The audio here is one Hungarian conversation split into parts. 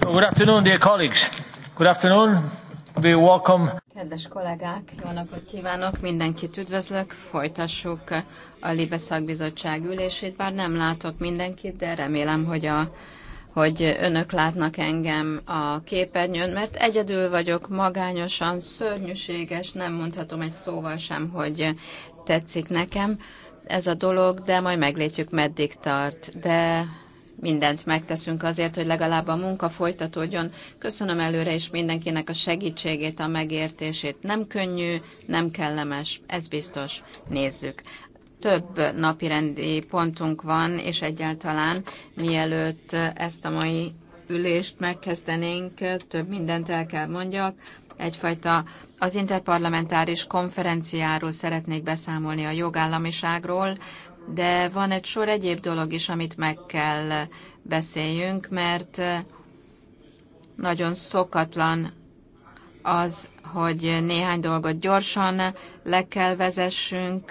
Good afternoon, dear colleagues. Good afternoon. We welcome. Kedves kollégák, jó napot kívánok, mindenkit üdvözlök. Folytassuk a Libe szakbizottság ülését, bár nem látok mindenkit, de remélem, hogy a hogy önök látnak engem a képernyőn, mert egyedül vagyok, magányosan, szörnyűséges, nem mondhatom egy szóval sem, hogy tetszik nekem ez a dolog, de majd meglétjük, meddig tart. De mindent megteszünk azért, hogy legalább a munka folytatódjon. Köszönöm előre is mindenkinek a segítségét, a megértését. Nem könnyű, nem kellemes, ez biztos. Nézzük. Több napirendi pontunk van, és egyáltalán mielőtt ezt a mai ülést megkezdenénk, több mindent el kell mondjak. Egyfajta az interparlamentáris konferenciáról szeretnék beszámolni a jogállamiságról, de van egy sor egyéb dolog is, amit meg kell beszéljünk, mert nagyon szokatlan az, hogy néhány dolgot gyorsan le kell vezessünk,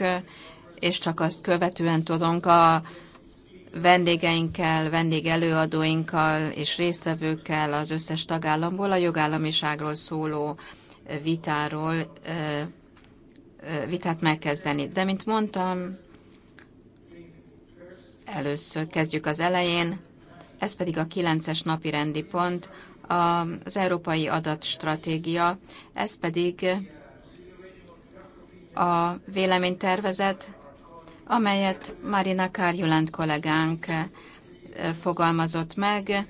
és csak azt követően tudunk a vendégeinkkel, vendégelőadóinkkal és résztvevőkkel az összes tagállamból a jogállamiságról szóló vitáról vitát megkezdeni. De mint mondtam, Először kezdjük az elején, ez pedig a kilences napi rendi pont, az Európai Adatstratégia, ez pedig a véleménytervezet, amelyet Marina Kárjulent kollégánk fogalmazott meg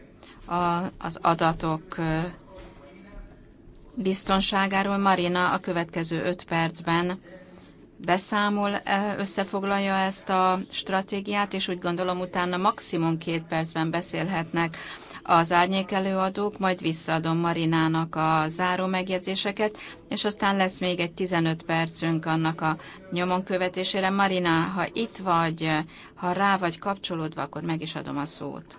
az adatok biztonságáról. Marina a következő öt percben beszámol, eh, összefoglalja ezt a stratégiát, és úgy gondolom utána maximum két percben beszélhetnek az árnyék előadók, majd visszaadom Marinának a záró megjegyzéseket, és aztán lesz még egy 15 percünk annak a nyomon követésére. Marina, ha itt vagy, ha rá vagy kapcsolódva, akkor meg is adom a szót.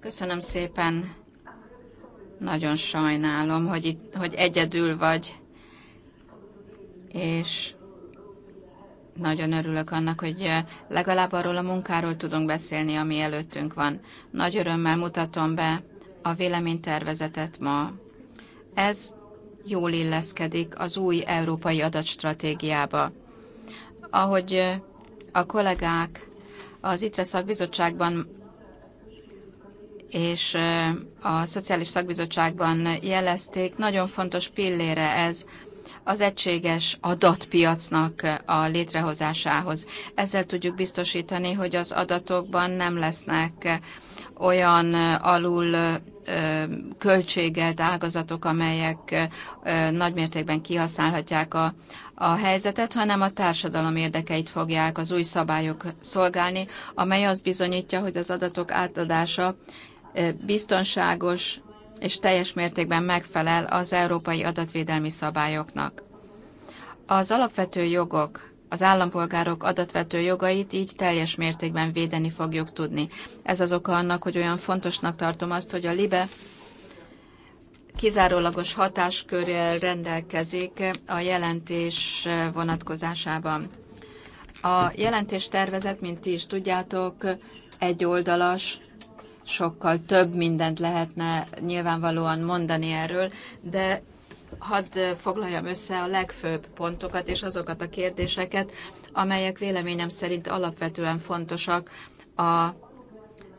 Köszönöm szépen. Nagyon sajnálom, hogy, itt, hogy egyedül vagy és nagyon örülök annak, hogy legalább arról a munkáról tudunk beszélni, ami előttünk van. Nagy örömmel mutatom be a véleménytervezetet ma. Ez jól illeszkedik az új európai adatstratégiába. Ahogy a kollégák az ITRE szakbizottságban és a Szociális Szakbizottságban jelezték, nagyon fontos pillére ez az egységes adatpiacnak a létrehozásához. Ezzel tudjuk biztosítani, hogy az adatokban nem lesznek olyan alul költségelt ágazatok, amelyek nagymértékben kihasználhatják a, a helyzetet, hanem a társadalom érdekeit fogják az új szabályok szolgálni, amely azt bizonyítja, hogy az adatok átadása biztonságos, és teljes mértékben megfelel az európai adatvédelmi szabályoknak. Az alapvető jogok, az állampolgárok adatvető jogait így teljes mértékben védeni fogjuk tudni. Ez az oka annak, hogy olyan fontosnak tartom azt, hogy a LIBE kizárólagos hatáskörrel rendelkezik a jelentés vonatkozásában. A jelentés tervezet, mint ti is tudjátok, egy oldalas, sokkal több mindent lehetne nyilvánvalóan mondani erről, de hadd eh, foglaljam össze a legfőbb pontokat és azokat a kérdéseket, amelyek véleményem szerint alapvetően fontosak a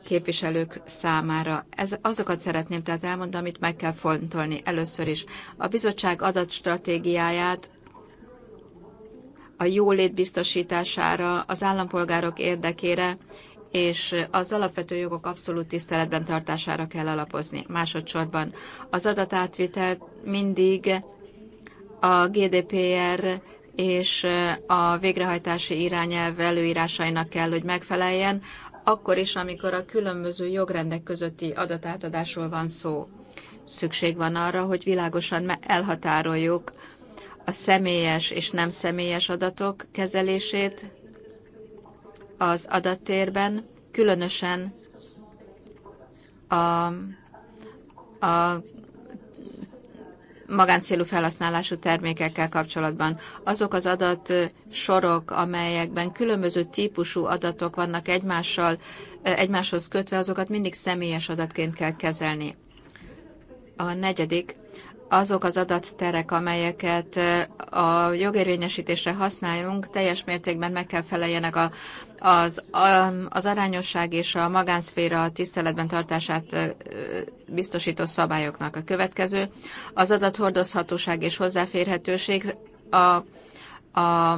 képviselők számára. Ez, azokat szeretném tehát elmondani, amit meg kell fontolni először is. A bizottság adatstratégiáját a jólét biztosítására, az állampolgárok érdekére és az alapvető jogok abszolút tiszteletben tartására kell alapozni. Másodszorban az adatátvitelt mindig a GDPR és a végrehajtási irányelv előírásainak kell, hogy megfeleljen, akkor is, amikor a különböző jogrendek közötti adatátadásról van szó. Szükség van arra, hogy világosan elhatároljuk a személyes és nem személyes adatok kezelését, az adattérben, különösen a, a magáncélú felhasználású termékekkel kapcsolatban. Azok az adat sorok, amelyekben különböző típusú adatok vannak egymással, egymáshoz kötve, azokat mindig személyes adatként kell kezelni. A negyedik, azok az adatterek, amelyeket a jogérvényesítésre használunk, teljes mértékben meg kell feleljenek a, az, a, az arányosság és a magánszféra tiszteletben tartását biztosító szabályoknak. A következő az adathordozhatóság és hozzáférhetőség a, a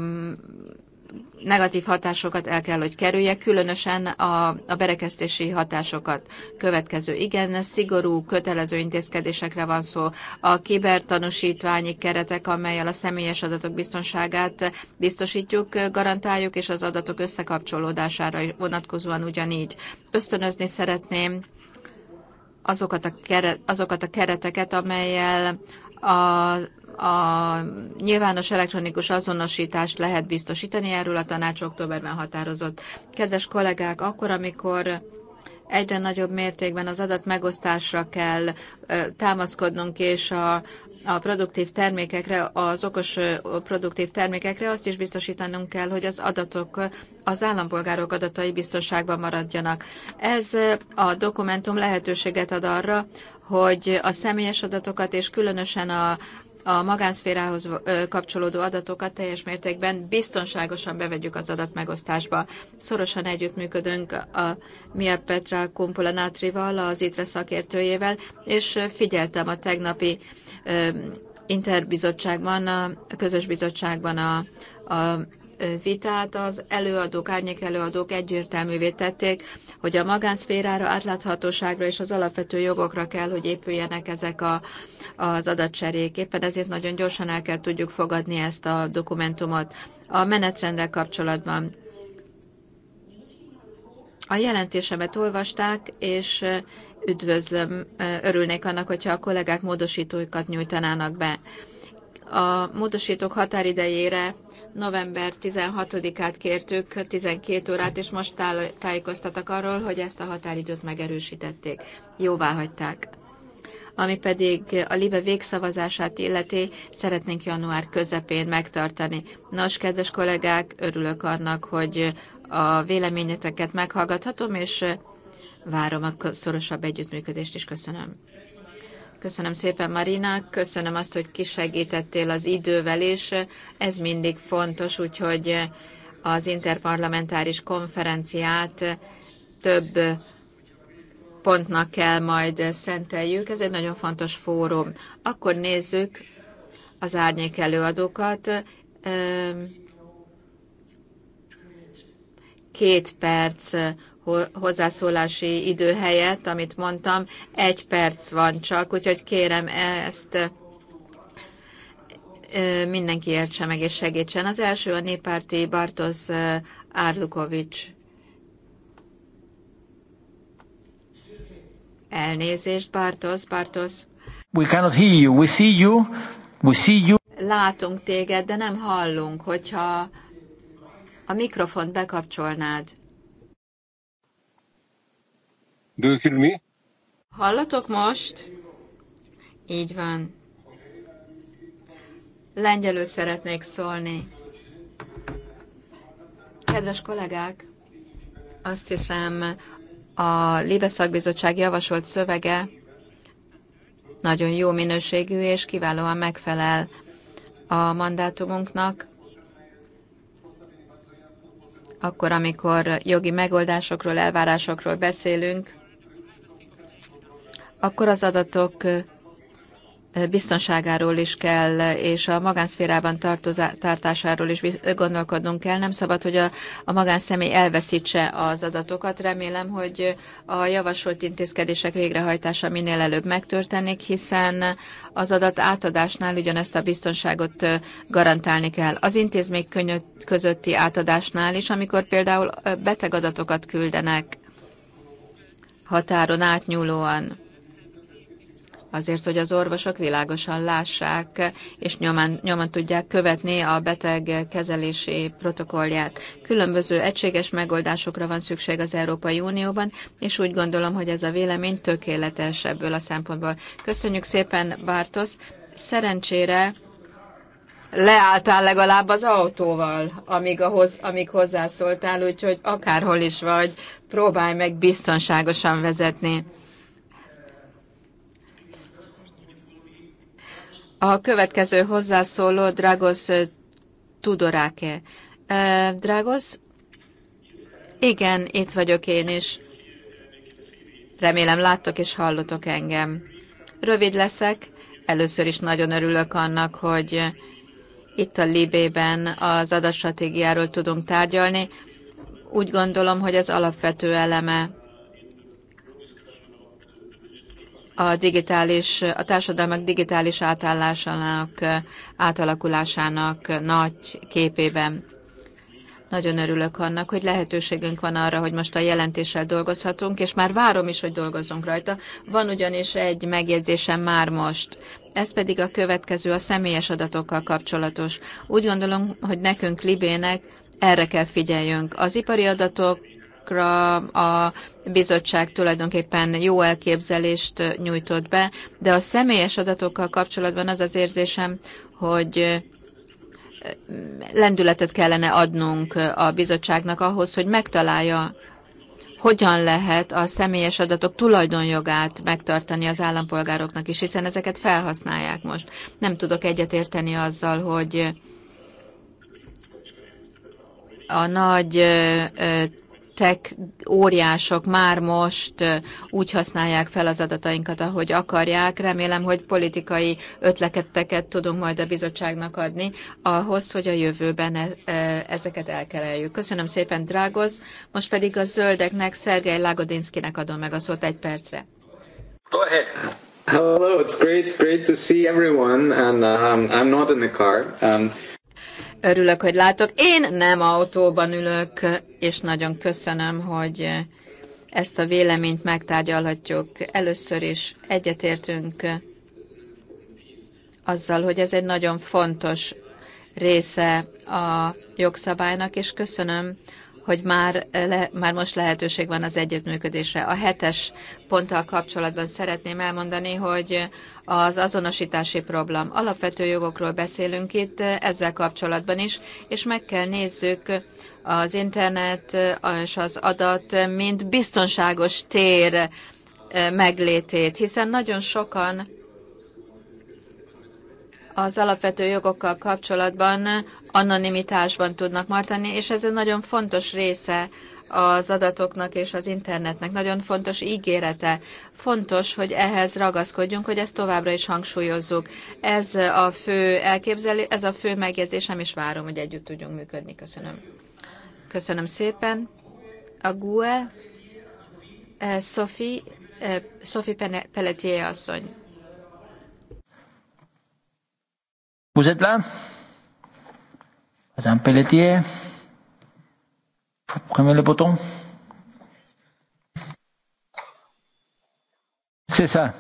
negatív hatásokat el kell, hogy kerülje, különösen a, a berekeztési hatásokat következő. Igen, szigorú, kötelező intézkedésekre van szó. A kibertanúsítványi keretek, amelyel a személyes adatok biztonságát biztosítjuk, garantáljuk, és az adatok összekapcsolódására vonatkozóan ugyanígy. Ösztönözni szeretném azokat a, keret, azokat a kereteket, amelyel a a nyilvános elektronikus azonosítást lehet biztosítani, erről a tanács októberben határozott. Kedves kollégák, akkor, amikor egyre nagyobb mértékben az adat megosztásra kell támaszkodnunk, és a, a produktív termékekre, az okos produktív termékekre azt is biztosítanunk kell, hogy az adatok, az állampolgárok adatai biztonságban maradjanak. Ez a dokumentum lehetőséget ad arra, hogy a személyes adatokat és különösen a, a magánszférához kapcsolódó adatokat teljes mértékben biztonságosan bevegyük az adatmegosztásba. Szorosan együttműködünk a Mia Petra Kumpula Natrival, az ITRE szakértőjével, és figyeltem a tegnapi interbizottságban, a közös bizottságban a, a vitát az előadók, árnyék előadók egyértelművé tették, hogy a magánszférára, átláthatóságra és az alapvető jogokra kell, hogy épüljenek ezek a, az adatcserék. Éppen ezért nagyon gyorsan el kell tudjuk fogadni ezt a dokumentumot. A menetrendel kapcsolatban a jelentésemet olvasták, és üdvözlöm, örülnék annak, hogyha a kollégák módosítóikat nyújtanának be. A módosítók határidejére november 16-át kértük 12 órát, és most tájékoztatak arról, hogy ezt a határidőt megerősítették. Jóvá hagyták. Ami pedig a LIBE végszavazását illeti, szeretnénk január közepén megtartani. Nos, kedves kollégák, örülök annak, hogy a véleményeteket meghallgathatom, és várom a szorosabb együttműködést is. Köszönöm. Köszönöm szépen, Marina, köszönöm azt, hogy kisegítettél az idővel, és ez mindig fontos, úgyhogy az interparlamentáris konferenciát több pontnak kell majd szenteljük. Ez egy nagyon fontos fórum. Akkor nézzük az árnyék előadókat. Két perc hozzászólási idő helyett, amit mondtam, egy perc van csak, úgyhogy kérem ezt mindenki értse meg és segítsen. Az első a néppárti Bartosz Árlukovics. Elnézést, Bartosz, Bartosz. We cannot hear you. We see you. We see you. Látunk téged, de nem hallunk, hogyha a mikrofont bekapcsolnád. Do Hallatok most? Így van. Lengyelül szeretnék szólni. Kedves kollégák, azt hiszem, a Libeszakbizottság javasolt szövege nagyon jó minőségű és kiválóan megfelel a mandátumunknak, akkor, amikor jogi megoldásokról, elvárásokról beszélünk, akkor az adatok biztonságáról is kell, és a magánszférában tartásáról is gondolkodnunk kell. Nem szabad, hogy a, a magánszemély elveszítse az adatokat. Remélem, hogy a javasolt intézkedések végrehajtása minél előbb megtörténik, hiszen az adat átadásnál ugyanezt a biztonságot garantálni kell. Az intézmény közötti átadásnál is, amikor például betegadatokat küldenek határon átnyúlóan azért, hogy az orvosok világosan lássák, és nyoman, nyoman tudják követni a beteg kezelési protokollját. Különböző egységes megoldásokra van szükség az Európai Unióban, és úgy gondolom, hogy ez a vélemény tökéletes ebből a szempontból. Köszönjük szépen, Bártosz! Szerencsére leálltál legalább az autóval, amíg, ahhoz, amíg hozzászóltál, úgyhogy akárhol is vagy, próbálj meg biztonságosan vezetni. A következő hozzászóló Dragos Tudoráke. Dragos? Igen, itt vagyok én is. Remélem láttok és hallotok engem. Rövid leszek. Először is nagyon örülök annak, hogy itt a Libében az adatstratégiáról tudunk tárgyalni. Úgy gondolom, hogy ez alapvető eleme a digitális, a társadalmak digitális átállásának, átalakulásának nagy képében. Nagyon örülök annak, hogy lehetőségünk van arra, hogy most a jelentéssel dolgozhatunk, és már várom is, hogy dolgozzunk rajta. Van ugyanis egy megjegyzésem már most. Ez pedig a következő, a személyes adatokkal kapcsolatos. Úgy gondolom, hogy nekünk Libének erre kell figyeljünk. Az ipari adatok javaslatokra a bizottság tulajdonképpen jó elképzelést nyújtott be, de a személyes adatokkal kapcsolatban az az érzésem, hogy lendületet kellene adnunk a bizottságnak ahhoz, hogy megtalálja, hogyan lehet a személyes adatok tulajdonjogát megtartani az állampolgároknak is, hiszen ezeket felhasználják most. Nem tudok egyetérteni azzal, hogy a nagy tech óriások már most úgy használják fel az adatainkat, ahogy akarják. Remélem, hogy politikai ötleketteket tudunk majd a bizottságnak adni ahhoz, hogy a jövőben e, e, ezeket elkereljük. Köszönöm szépen, Drágoz. Most pedig a zöldeknek, Szergej Lagodinszkinek adom meg a szót egy percre. Go ahead. Hello, it's great, great to see everyone, and um, I'm not in the car. Um, Örülök, hogy látok. Én nem autóban ülök, és nagyon köszönöm, hogy ezt a véleményt megtárgyalhatjuk. Először is egyetértünk azzal, hogy ez egy nagyon fontos része a jogszabálynak, és köszönöm hogy már, le, már most lehetőség van az együttműködésre. A hetes ponttal kapcsolatban szeretném elmondani, hogy az azonosítási problém. Alapvető jogokról beszélünk itt ezzel kapcsolatban is, és meg kell nézzük az internet és az adat, mint biztonságos tér meglétét, hiszen nagyon sokan az alapvető jogokkal kapcsolatban anonimitásban tudnak martani, és ez egy nagyon fontos része az adatoknak és az internetnek. Nagyon fontos ígérete. Fontos, hogy ehhez ragaszkodjunk, hogy ezt továbbra is hangsúlyozzuk. Ez a fő elképzelés, ez a fő megjegyzésem, és várom, hogy együtt tudjunk működni. Köszönöm. Köszönöm szépen. A GUE, eh, Sophie, eh, Sophie Pelletier asszony. Vous êtes là Madame Pelletier Vous prenez le bouton C'est ça.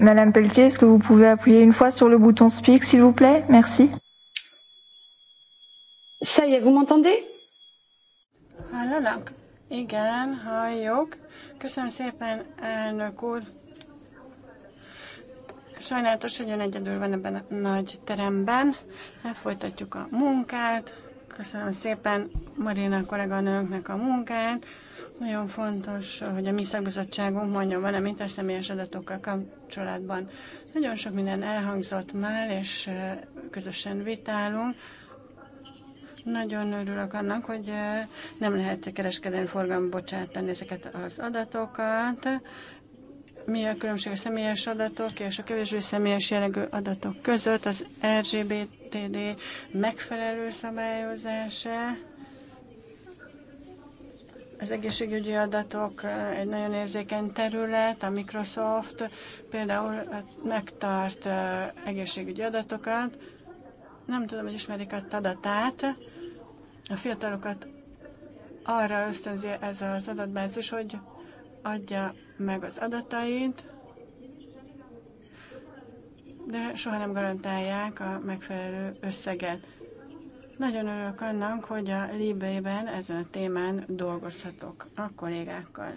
Madame Pelletier, est-ce que vous pouvez appuyer une fois sur le bouton Speak, s'il vous plaît Merci. Ça y est, vous m'entendez Hallanak? Igen, halljuk. Köszönöm szépen, elnök úr. Sajnálatos, hogy ön egyedül van ebben a nagy teremben. Elfolytatjuk a munkát. Köszönöm szépen Marina kolléganőnknek a munkát. Nagyon fontos, hogy a mi szakbizottságunk mondjon valamit a személyes adatokkal kapcsolatban. Nagyon sok minden elhangzott már, és közösen vitálunk. Nagyon örülök annak, hogy nem lehet kereskedelmi forgalomba bocsátani ezeket az adatokat. Mi a különbség a személyes adatok és a kevésbé személyes jellegű adatok között? Az RGBTD megfelelő szabályozása, az egészségügyi adatok egy nagyon érzékeny terület, a Microsoft például megtart egészségügyi adatokat, nem tudom, hogy ismerik a tadatát, a fiatalokat arra ösztönzi ez az adatbázis, hogy adja meg az adatait, de soha nem garantálják a megfelelő összeget. Nagyon örülök annak, hogy a Libében ezen a témán dolgozhatok a kollégákkal.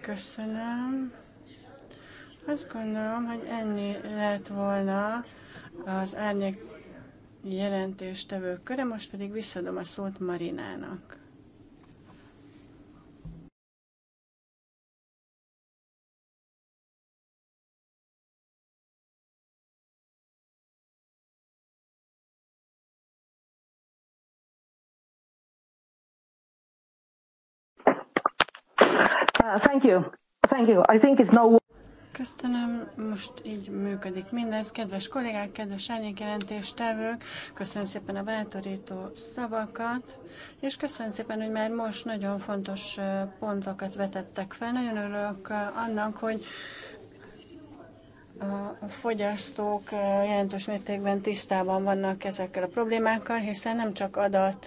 Köszönöm. Azt gondolom, hogy ennyi lett volna az árnyék jelentéstevők köre, most pedig visszadom a szót Marinának. Uh, thank you. Thank you. I think it's no Köszönöm, most így működik minden. Ez Kedves kollégák, kedves tevők. köszönöm szépen a bátorító szavakat, és köszönöm szépen, hogy már most nagyon fontos pontokat vetettek fel. Nagyon örülök annak, hogy a fogyasztók jelentős mértékben tisztában vannak ezekkel a problémákkal, hiszen nem csak adat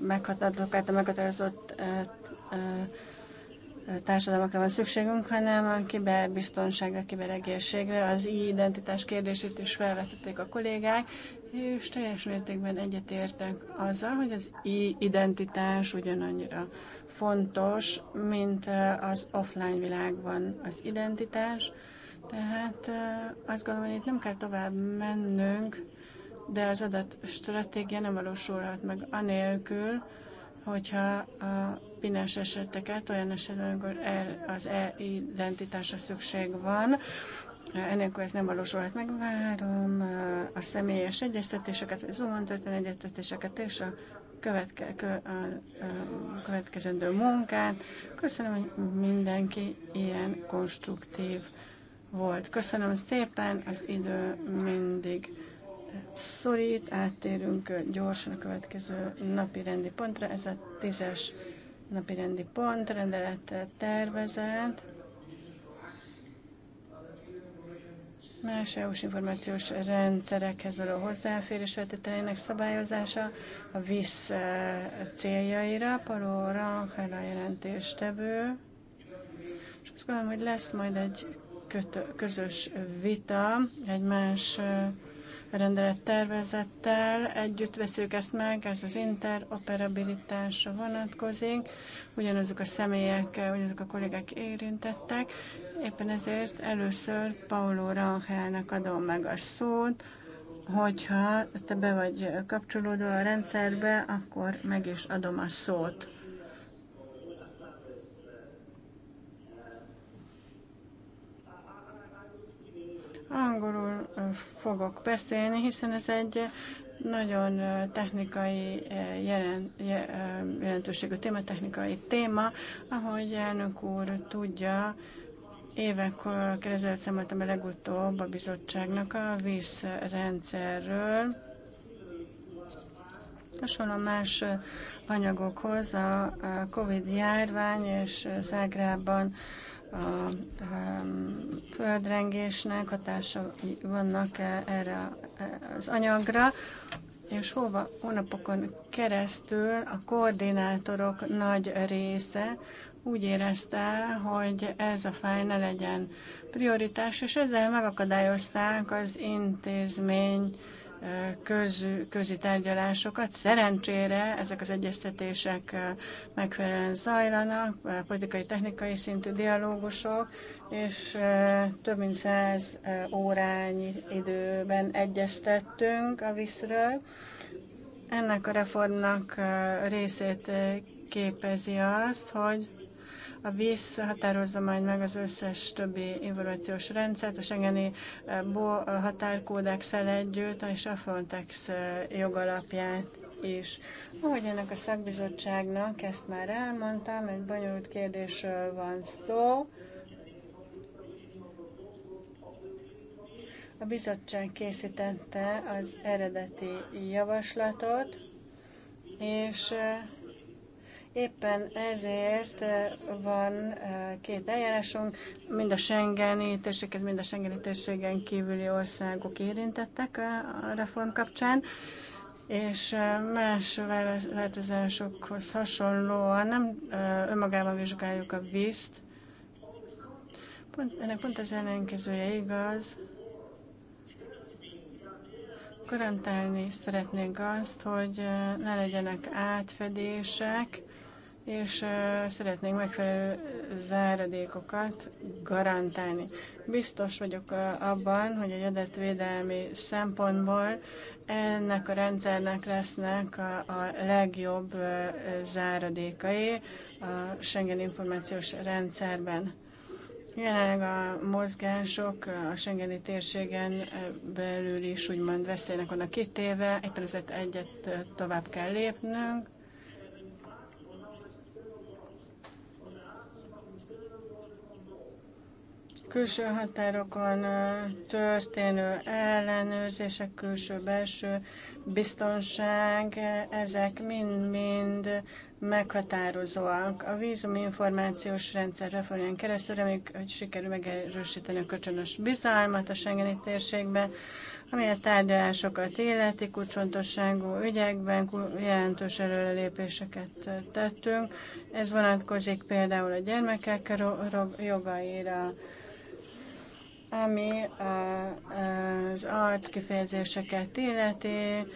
meghatározott meghatározott társadalmakra van szükségünk, hanem a kiberbiztonságra, kiberegészségre, az i-identitás kérdését is felvetették a kollégák, és teljes mértékben egyetértek azzal, hogy az i-identitás ugyanannyira fontos, mint az offline világban az identitás. Tehát azt gondolom, hogy itt nem kell tovább mennünk, de az adatstratégia nem valósulhat meg anélkül, hogyha a pinás eseteket, olyan esetben, amikor el, az e-identitásra szükség van, Enélkül ez nem valósulhat meg. Várom a személyes egyeztetéseket, az Zoom történő egyeztetéseket és a, követke, kö, a, a következendő munkát. Köszönöm, hogy mindenki ilyen konstruktív volt. Köszönöm szépen, az idő mindig szorít, áttérünk gyorsan a következő napi rendi pontra, ez a tízes napi rendi pont, rendelet tervezett. más EU-s információs rendszerekhez való hozzáférés feltételeinek szabályozása a VISZ eh, céljaira, Paló Rankel a jelentéstevő, és azt gondolom, hogy lesz majd egy közös vita egy más eh, rendelettervezettel együtt veszük ezt meg, ez az interoperabilitásra vonatkozik, ugyanazok a személyek, ugyanazok a kollégák érintettek, éppen ezért először Paulo Rangelnek adom meg a szót, hogyha te be vagy kapcsolódó a rendszerbe, akkor meg is adom a szót. Angolul fogok beszélni, hiszen ez egy nagyon technikai jelen, jelentőségű téma, technikai téma, ahogy elnök úr tudja, évek ezelőtt szemeltem a legutóbb a bizottságnak a vízrendszerről, Hasonló más anyagokhoz a COVID járvány és Zágrában a földrengésnek hatása vannak e, erre e, az anyagra, és hova hónapokon keresztül a koordinátorok nagy része úgy érezte, hogy ez a fáj ne legyen prioritás, és ezzel megakadályozták az intézmény köz, közi tárgyalásokat. Szerencsére ezek az egyeztetések megfelelően zajlanak, politikai, technikai szintű dialógusok, és több mint száz órányi időben egyeztettünk a viszről. Ennek a reformnak részét képezi azt, hogy a víz határozza majd meg az összes többi evolúciós rendszert, a Schengeni eh, eh, határkódexel együtt, és a Frontex eh, jogalapját is. Ahogy ennek a szakbizottságnak, ezt már elmondtam, egy bonyolult kérdésről van szó. A bizottság készítette az eredeti javaslatot, és Éppen ezért eh, van eh, két eljárásunk, mind a Schengeni térséget, mind a Schengeni térségen kívüli országok érintettek eh, a reform kapcsán, és más változásokhoz hasonlóan nem önmagában vizsgáljuk a vízt, Pont, ennek pont az ellenkezője igaz. Garantálni szeretnénk azt, hogy ne legyenek átfedések, és szeretnénk megfelelő záradékokat garantálni. Biztos vagyok abban, hogy egy adatvédelmi szempontból ennek a rendszernek lesznek a legjobb záradékai a Schengen információs rendszerben. Jelenleg a mozgások a Schengeni térségen belül is úgymond veszélynek vannak kitéve, éppen ezért egyet tovább kell lépnünk, külső határokon történő ellenőrzések, külső-belső biztonság, ezek mind-mind meghatározóak. A vízum információs rendszer reformján keresztül reméljük, hogy sikerül megerősíteni a kölcsönös bizalmat a Schengeni térségben, ami a tárgyalásokat életi kulcsfontosságú ügyekben jelentős előrelépéseket tettünk. Ez vonatkozik például a gyermekek jogaira, ami az arc kifejezéseket illeti,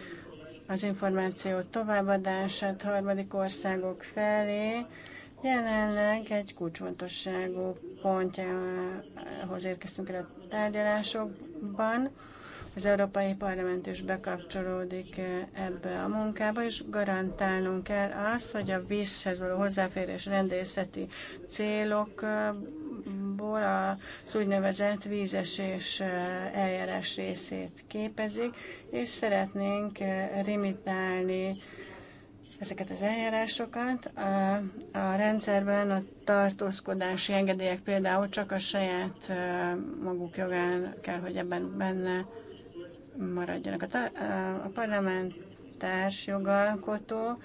az információ továbbadását harmadik országok felé, jelenleg egy kulcsfontosságú pontjához érkeztünk el a tárgyalásokban. Az Európai Parlament is bekapcsolódik ebbe a munkába, és garantálnunk kell azt, hogy a vízhez való hozzáférés rendészeti célok szempontból az úgynevezett vízesés eljárás részét képezik, és szeretnénk limitálni ezeket az eljárásokat. A rendszerben a tartózkodási engedélyek például csak a saját maguk jogán kell, hogy ebben benne maradjanak. A, a parlamentárs jogalkotó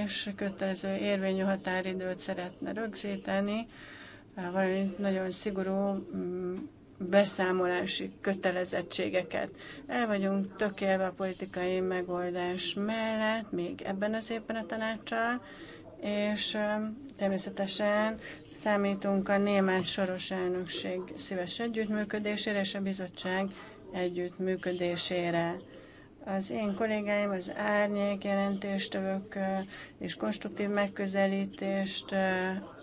és kötelező érvényű határidőt szeretne rögzíteni valamint nagyon szigorú mm, beszámolási kötelezettségeket. El vagyunk tökélve a politikai megoldás mellett, még ebben az évben a tanácssal, és természetesen számítunk a német soros elnökség szíves együttműködésére és a bizottság együttműködésére. Az én kollégáim, az árnyék jelentéstövök és konstruktív megközelítést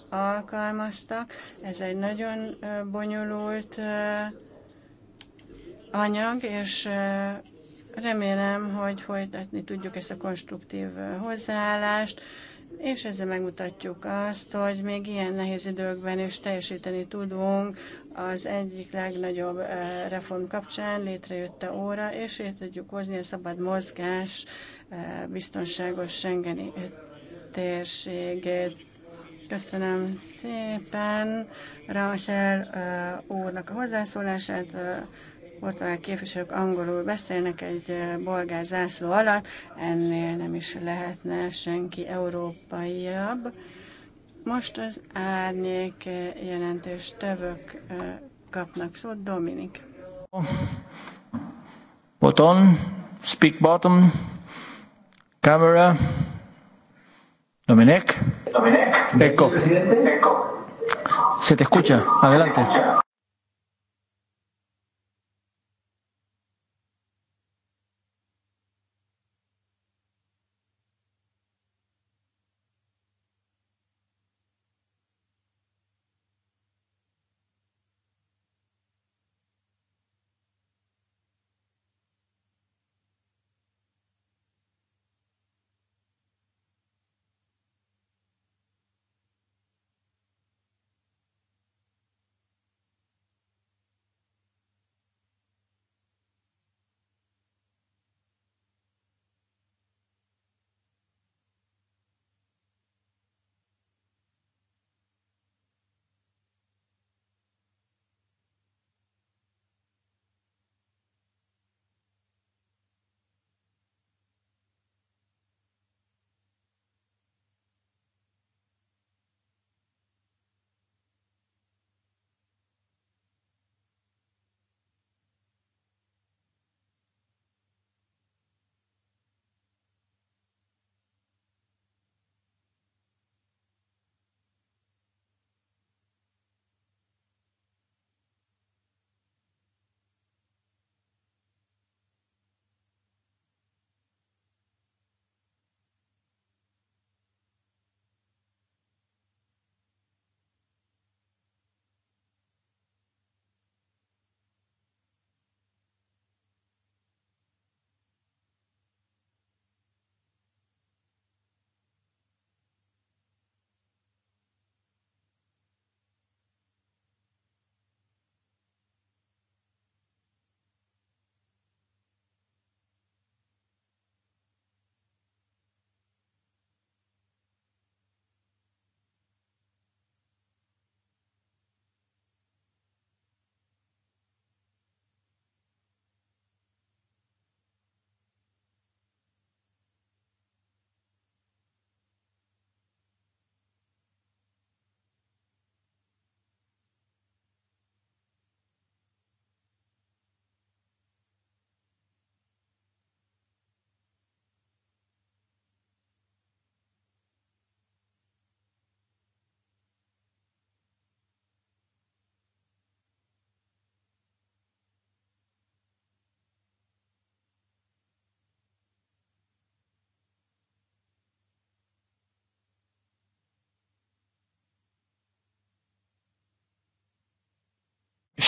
alkalmaztak. Ez egy nagyon bonyolult anyag, és remélem, hogy folytatni tudjuk ezt a konstruktív hozzáállást, és ezzel megmutatjuk azt, hogy még ilyen nehéz időkben is teljesíteni tudunk az egyik legnagyobb eh, reform kapcsán létrejött a óra, és itt tudjuk hozni a szabad mozgás eh, biztonságos Schengeni térségét. Köszönöm szépen Rachel eh, úrnak a hozzászólását. Portugál képviselők angolul beszélnek egy bolgár zászló alatt, ennél nem is lehetne senki európaiabb. Most az árnyék eh, jelentős tevők eh, kapnak szót. Dominik. Button, speak button, camera. Dominik. Dominik. Ecco. Ecco. Se te escucha. Adelante.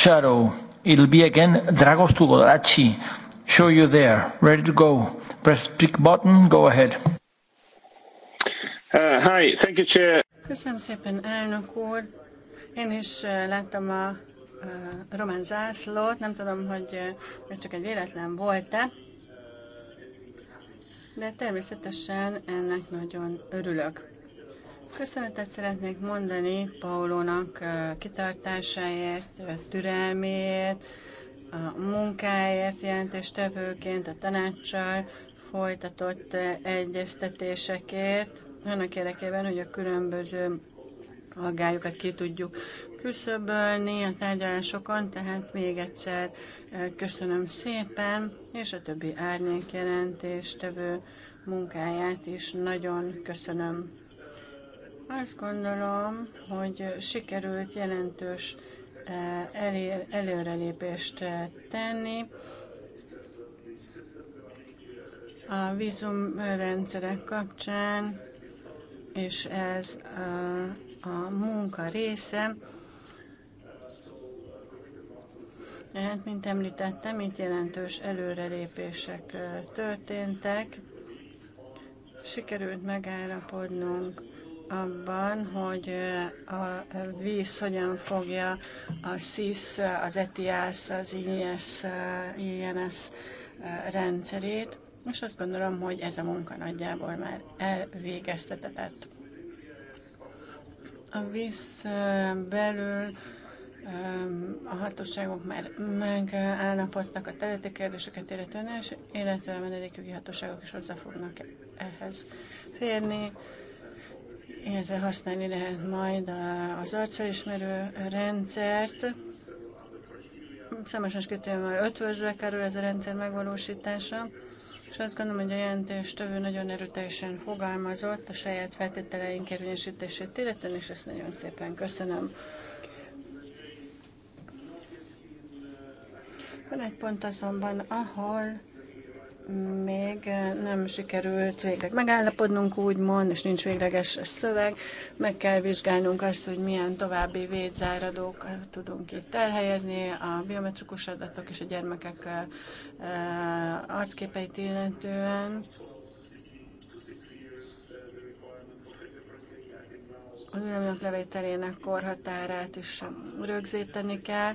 Shadow. It'll be again Dragos to Show you there, ready to go. Press pick button, go ahead. Uh, hi, thank you, Chair. Köszönöm szépen, elnök úr. Én is uh, láttam a, a uh, román zászlót, nem tudom, hogy uh, ez csak egy véletlen volt-e, de természetesen ennek nagyon örülök. Köszönetet szeretnék mondani Paulónak kitartásáért, türelméért, a munkáért jelentéstevőként, a tanácssal folytatott egyeztetésekért, annak érdekében, hogy a különböző aggályokat ki tudjuk küszöbölni a tárgyalásokon, tehát még egyszer köszönöm szépen, és a többi árnyék jelentéstevő munkáját is nagyon köszönöm. Azt gondolom, hogy sikerült jelentős eh, elér, előrelépést eh, tenni. A vízumrendszerek kapcsán, és ez a, eh, a munka része. Hát, mint említettem, itt jelentős előrelépések történtek. Sikerült megállapodnunk abban, hogy a víz hogyan fogja a SIS, az ETIAS, az INS, INS rendszerét, és azt gondolom, hogy ez a munka nagyjából már elvégeztetett. A víz belül a hatóságok már megállapodtak a területi kérdéseket illetően, és illetve a menedékügyi hatóságok is hozzá fognak ehhez férni illetve használni lehet majd az arcfelismerő rendszert. Számosan már ötvözve kerül ez a rendszer megvalósítása, és azt gondolom, hogy a jelentéstevő nagyon erőteljesen fogalmazott a saját feltételeink érvényesítését illetően, és ezt nagyon szépen köszönöm. Van egy pont azonban, ahol még eh, nem sikerült végleg megállapodnunk, úgymond, és nincs végleges szöveg. Meg kell vizsgálnunk azt, hogy milyen további védzáradók tudunk itt elhelyezni, a biometrikus adatok és a gyermekek eh, eh, arcképeit illetően. a műanyag levételének korhatárát is rögzíteni kell.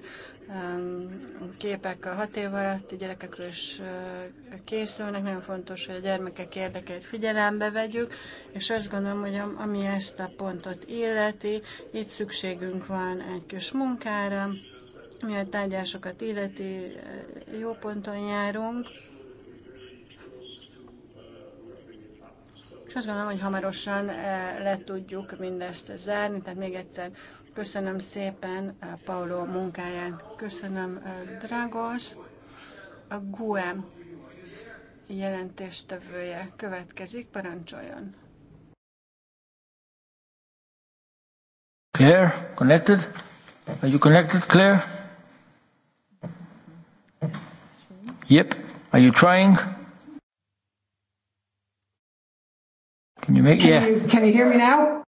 Képek a hat év alatti gyerekekről is készülnek. Nagyon fontos, hogy a gyermekek érdekeit figyelembe vegyük, és azt gondolom, hogy ami ezt a pontot illeti, itt szükségünk van egy kis munkára, mi a tárgyásokat illeti, jó ponton járunk. és azt gondolom, hogy hamarosan eh, le tudjuk mindezt zárni. Tehát még egyszer köszönöm szépen eh, Paulo munkáját. Köszönöm eh, Dragos. A Guem jelentéstevője következik, parancsoljon. Claire, connected? Are you connected, Claire? Yep. Are you trying? Can you make? Can yeah. You, can you hear me now?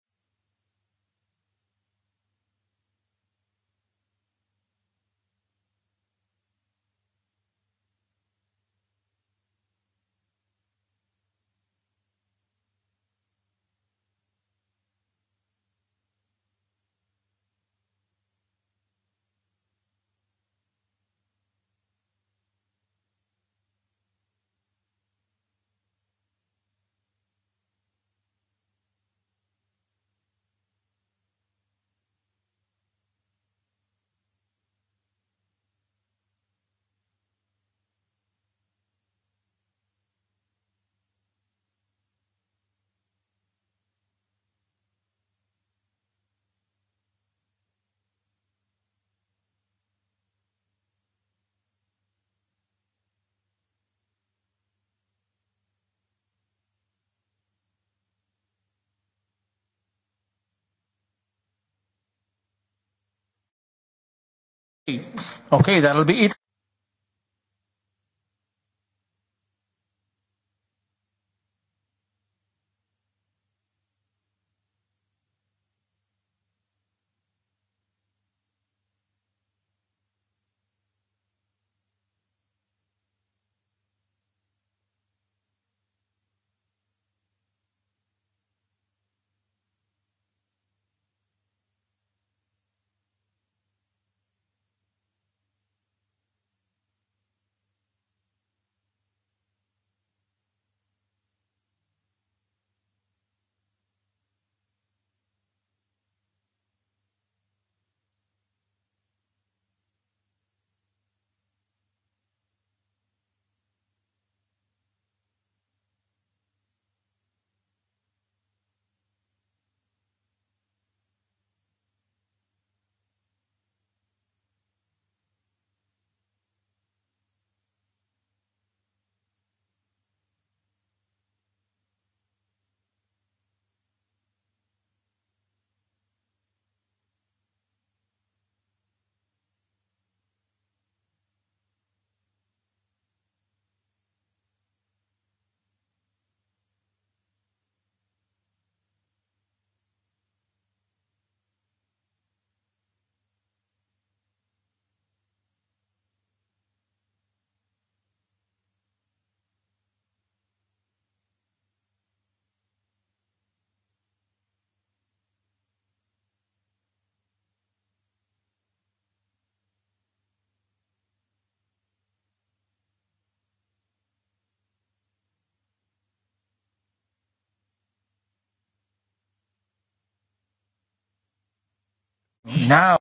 Okay, that'll be it. Now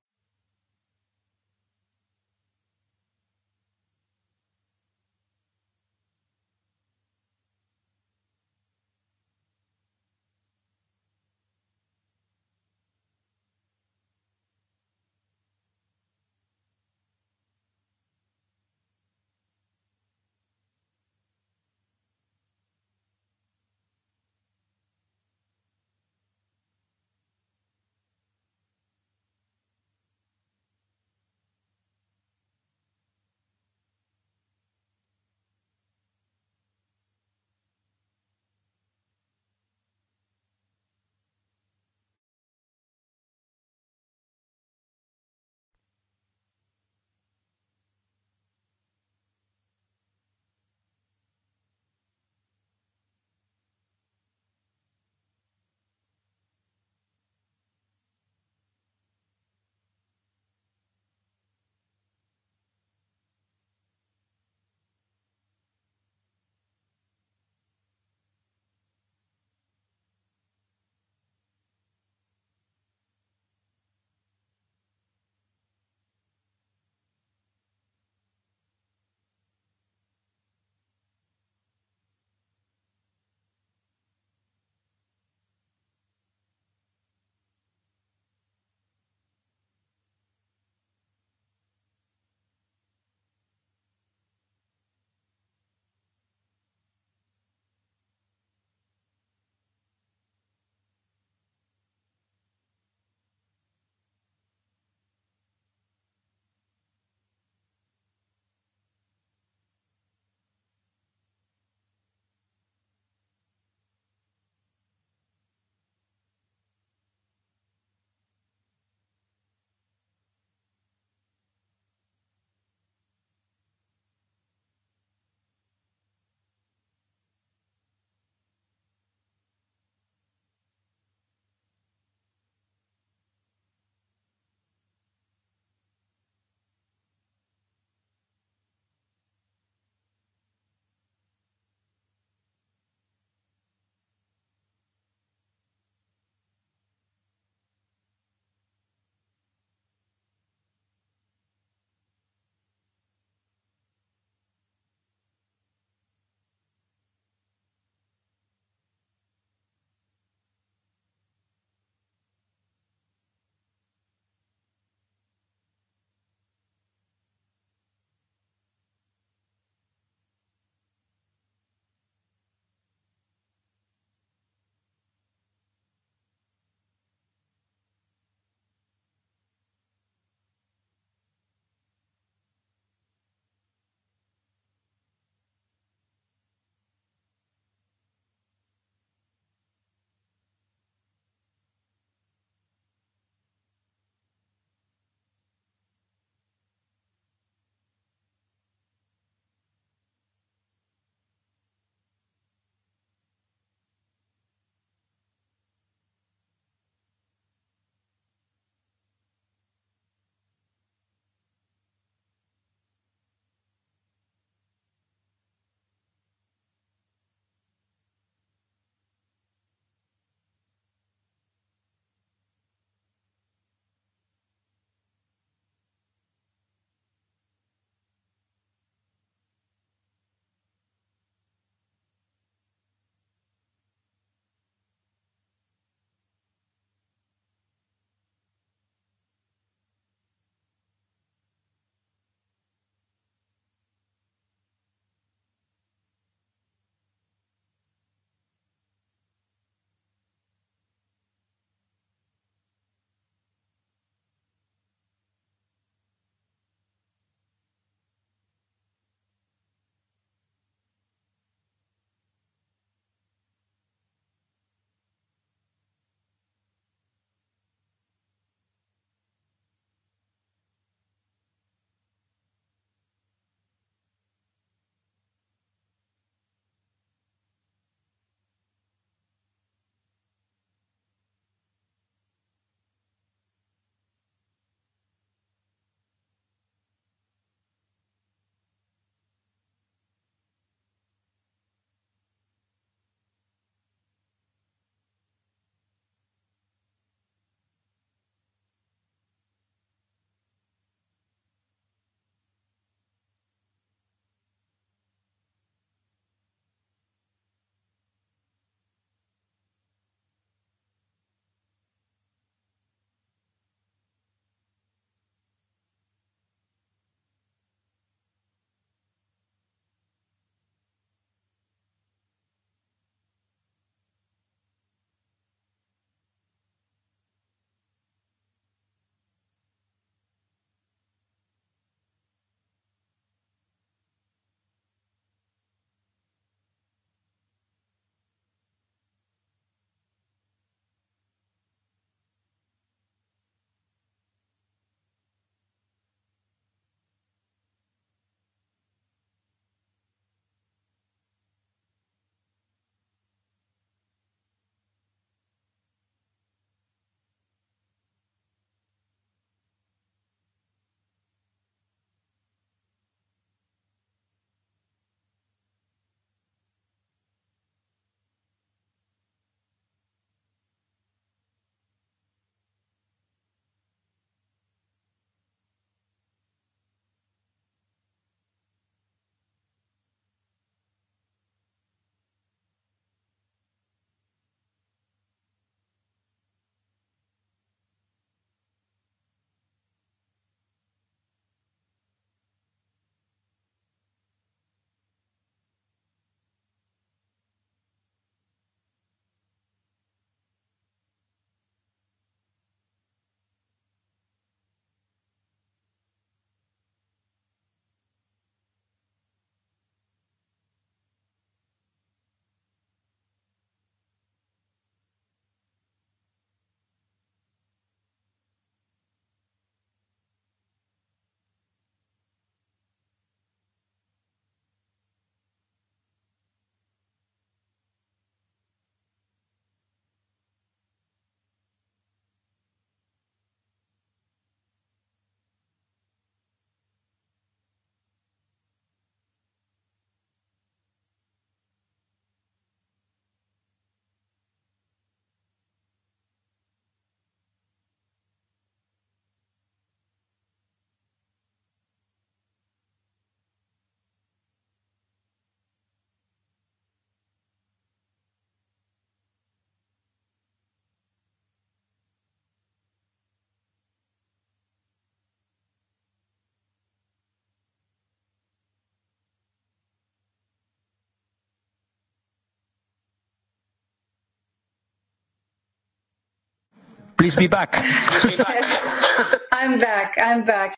Please be back. Yes. I'm back. I'm back.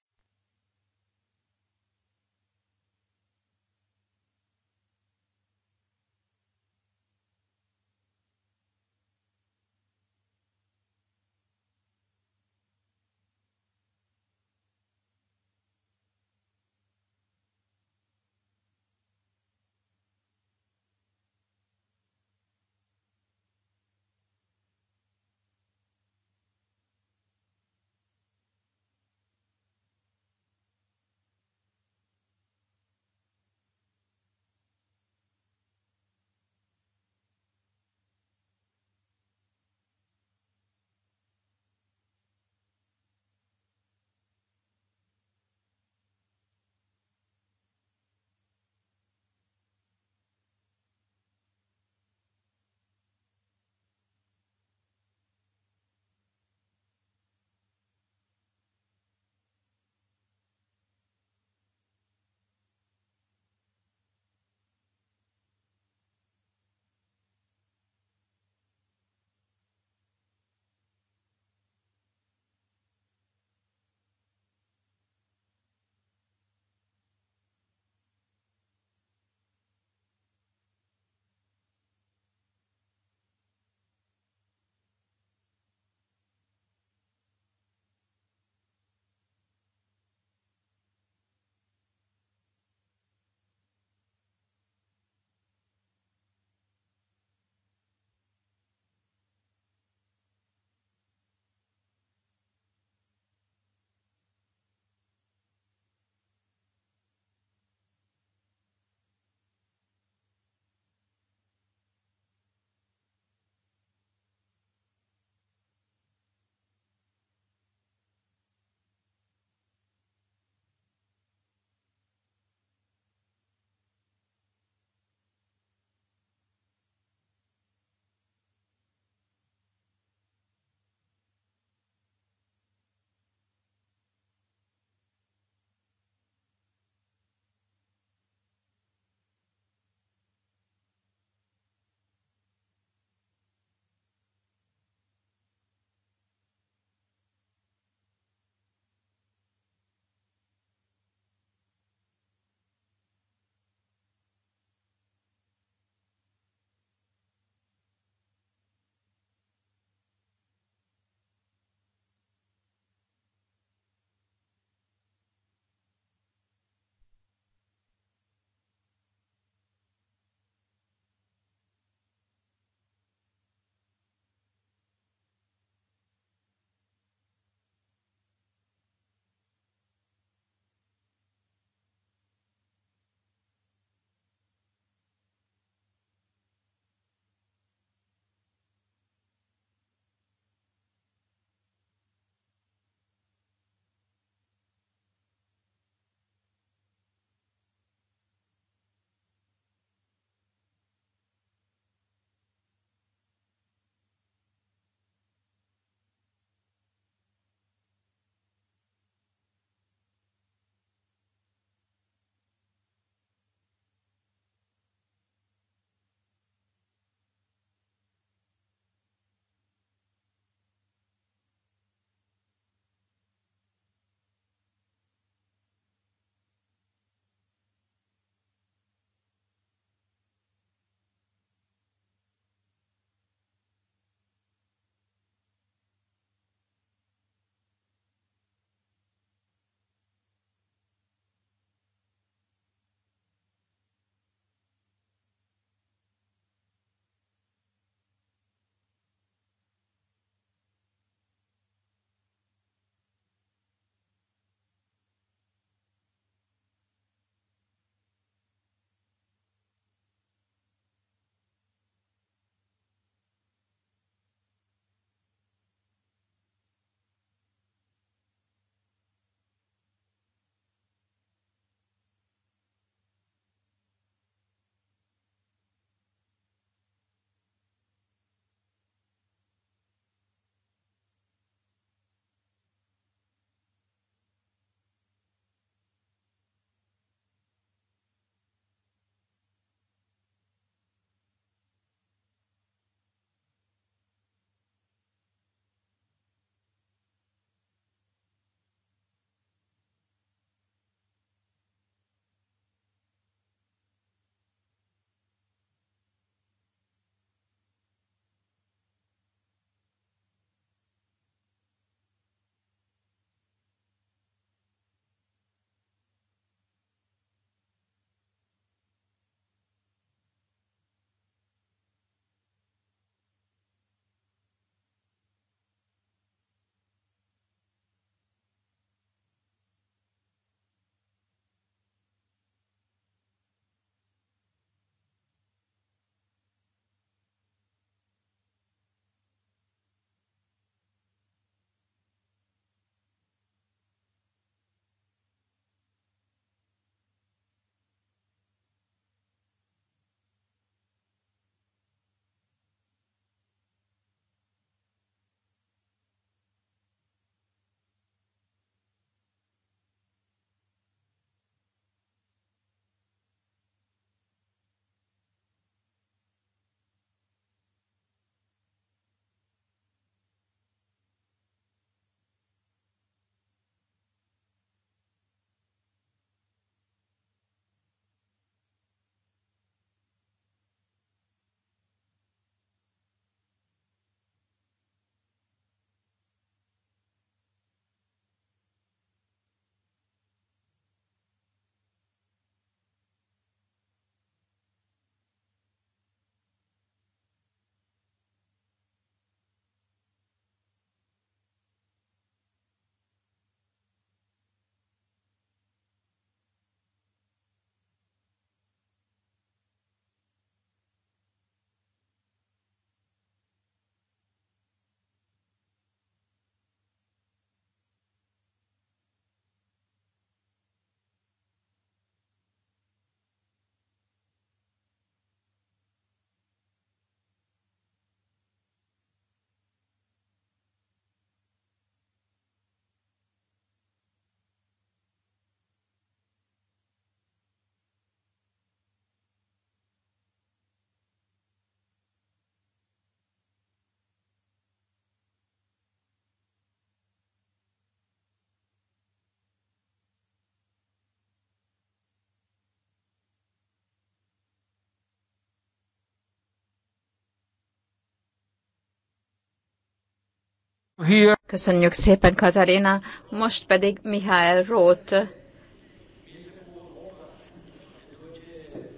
Köszönjük szépen, Katarina. Most pedig Mihály Rót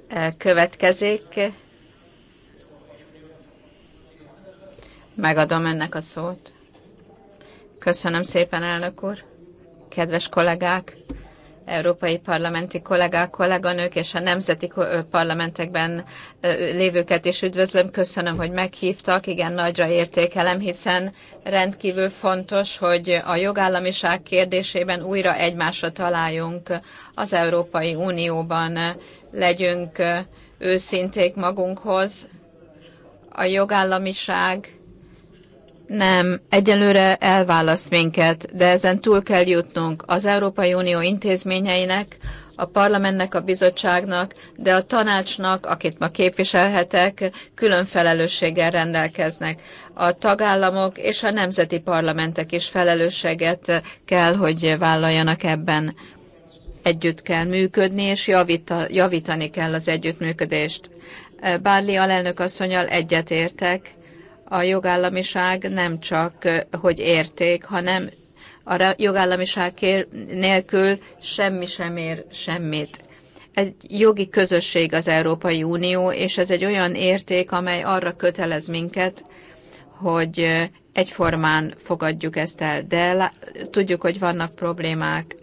eh, következik. Megadom ennek a szót. Köszönöm szépen, elnök úr. Kedves kollégák, európai parlamenti kollégák, kolléganők és a nemzeti parlamentekben lévőket is üdvözlöm. Köszönöm, hogy meghívtak. Igen, nagyra értékelem, hiszen rendkívül fontos, hogy a jogállamiság kérdésében újra egymásra találjunk az Európai Unióban. Legyünk őszinték magunkhoz. A jogállamiság nem, egyelőre elválaszt minket, de ezen túl kell jutnunk az Európai Unió intézményeinek, a parlamentnek, a bizottságnak, de a tanácsnak, akit ma képviselhetek, külön felelősséggel rendelkeznek. A tagállamok és a nemzeti parlamentek is felelősséget kell, hogy vállaljanak ebben. Együtt kell működni, és javita, javítani kell az együttműködést. Bárli alelnök asszonyal egyetértek, a jogállamiság nem csak, hogy érték, hanem a jogállamiság nélkül semmi sem ér semmit. Egy jogi közösség az Európai Unió, és ez egy olyan érték, amely arra kötelez minket, hogy egyformán fogadjuk ezt el, de tudjuk, hogy vannak problémák.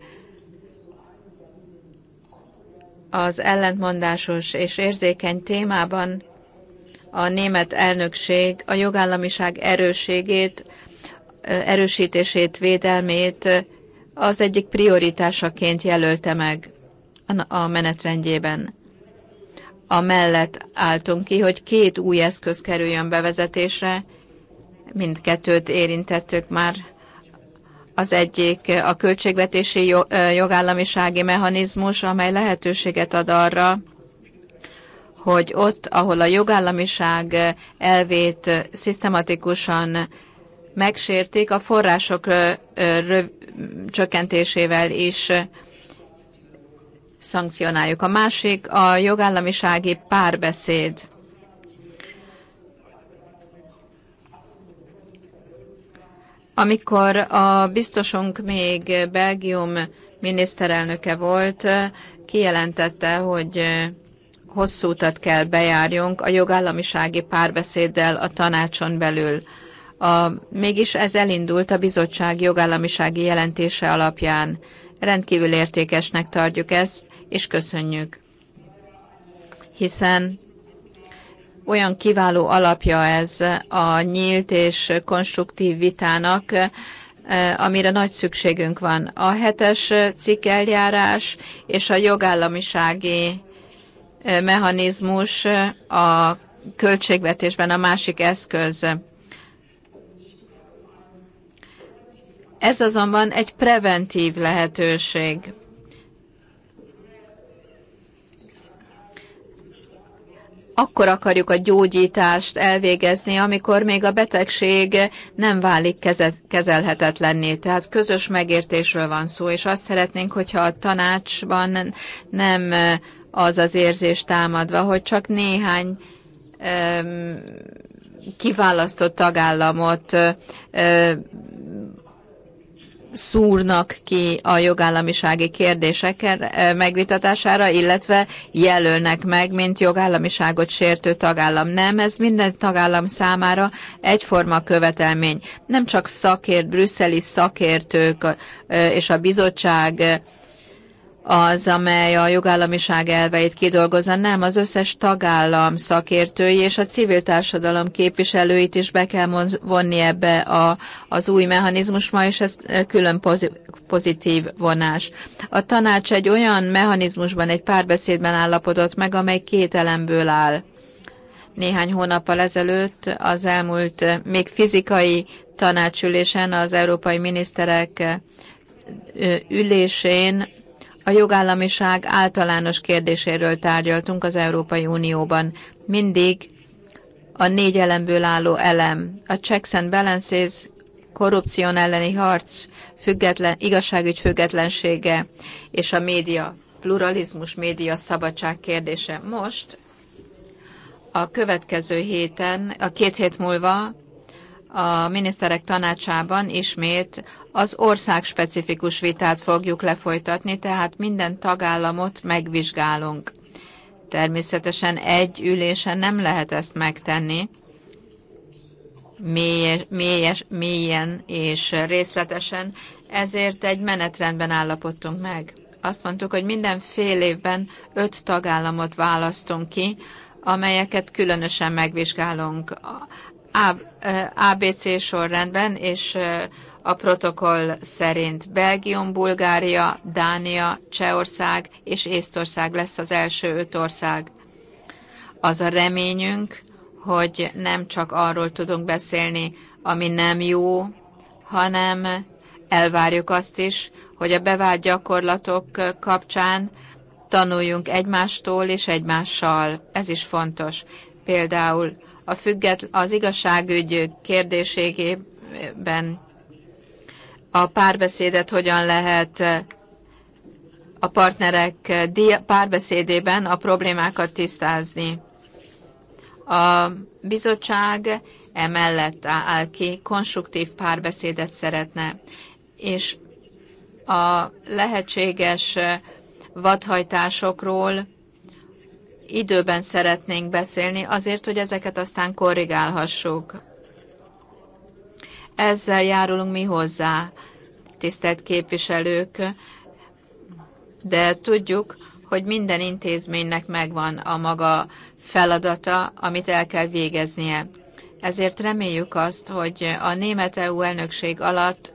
Az ellentmondásos és érzékeny témában a német elnökség a jogállamiság erőségét, erősítését, védelmét az egyik prioritásaként jelölte meg a menetrendjében. A mellett álltunk ki, hogy két új eszköz kerüljön bevezetésre, mindkettőt érintettük már. Az egyik a költségvetési jogállamisági mechanizmus, amely lehetőséget ad arra, hogy ott, ahol a jogállamiság elvét szisztematikusan megsértik, a források röv, csökkentésével is szankcionáljuk. A másik a jogállamisági párbeszéd. Amikor a biztosunk még Belgium miniszterelnöke volt, kijelentette, hogy hosszú utat kell bejárjunk a jogállamisági párbeszéddel a tanácson belül. A, mégis ez elindult a bizottság jogállamisági jelentése alapján. Rendkívül értékesnek tartjuk ezt, és köszönjük. Hiszen olyan kiváló alapja ez a nyílt és konstruktív vitának, eh, amire nagy szükségünk van. A hetes cikkeljárás és a jogállamisági mechanizmus a költségvetésben a másik eszköz. Ez azonban egy preventív lehetőség. Akkor akarjuk a gyógyítást elvégezni, amikor még a betegség nem válik kezelhetetlenné. Tehát közös megértésről van szó, és azt szeretnénk, hogyha a tanácsban nem az az érzés támadva, hogy csak néhány kiválasztott tagállamot szúrnak ki a jogállamisági kérdések megvitatására, illetve jelölnek meg, mint jogállamiságot sértő tagállam. Nem, ez minden tagállam számára egyforma követelmény. Nem csak szakért, brüsszeli szakértők és a bizottság az, amely a jogállamiság elveit kidolgozza, nem, az összes tagállam szakértői és a civil társadalom képviselőit is be kell vonni ebbe a, az új mechanizmusba, és ez eh, külön pozitív vonás. A tanács egy olyan mechanizmusban, egy párbeszédben állapodott meg, amely két elemből áll. Néhány hónappal ezelőtt az elmúlt eh, még fizikai tanácsülésen az európai miniszterek eh, ülésén a jogállamiság általános kérdéséről tárgyaltunk az Európai Unióban. Mindig a négy elemből álló elem, a checks and balances, korrupción elleni harc, független, igazságügy függetlensége és a média, pluralizmus, média szabadság kérdése. Most a következő héten, a két hét múlva a miniszterek tanácsában ismét az országspecifikus vitát fogjuk lefolytatni, tehát minden tagállamot megvizsgálunk. Természetesen egy ülésen nem lehet ezt megtenni, mélyes, mélyes, mélyen és részletesen, ezért egy menetrendben állapodtunk meg. Azt mondtuk, hogy minden fél évben öt tagállamot választunk ki, amelyeket különösen megvizsgálunk. ABC sorrendben, és a protokoll szerint Belgium, Bulgária, Dánia, Csehország és Észtország lesz az első öt ország. Az a reményünk, hogy nem csak arról tudunk beszélni, ami nem jó, hanem elvárjuk azt is, hogy a bevált gyakorlatok kapcsán tanuljunk egymástól és egymással. Ez is fontos. Például a függet, az igazságügy kérdésében a párbeszédet hogyan lehet a partnerek párbeszédében a problémákat tisztázni. A bizottság emellett áll ki, konstruktív párbeszédet szeretne, és a lehetséges vadhajtásokról időben szeretnénk beszélni, azért, hogy ezeket aztán korrigálhassuk. Ezzel járulunk mi hozzá, tisztelt képviselők, de tudjuk, hogy minden intézménynek megvan a maga feladata, amit el kell végeznie. Ezért reméljük azt, hogy a német EU elnökség alatt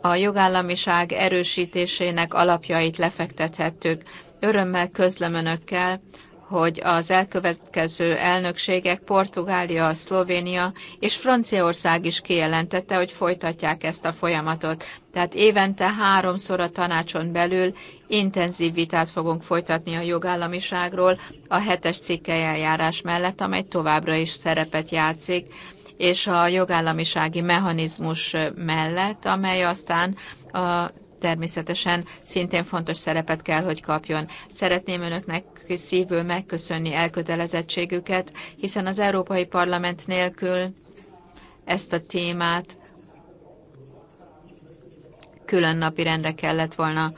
a jogállamiság erősítésének alapjait lefektethettük. Örömmel közlöm önökkel, hogy az elkövetkező elnökségek Portugália, Szlovénia és Franciaország is kijelentette, hogy folytatják ezt a folyamatot. Tehát évente háromszor a tanácson belül intenzív vitát fogunk folytatni a jogállamiságról a hetes cikkely eljárás mellett, amely továbbra is szerepet játszik és a jogállamisági mechanizmus mellett, amely aztán a természetesen szintén fontos szerepet kell, hogy kapjon. Szeretném önöknek szívből megköszönni elkötelezettségüket, hiszen az Európai Parlament nélkül ezt a témát külön napirendre kellett volna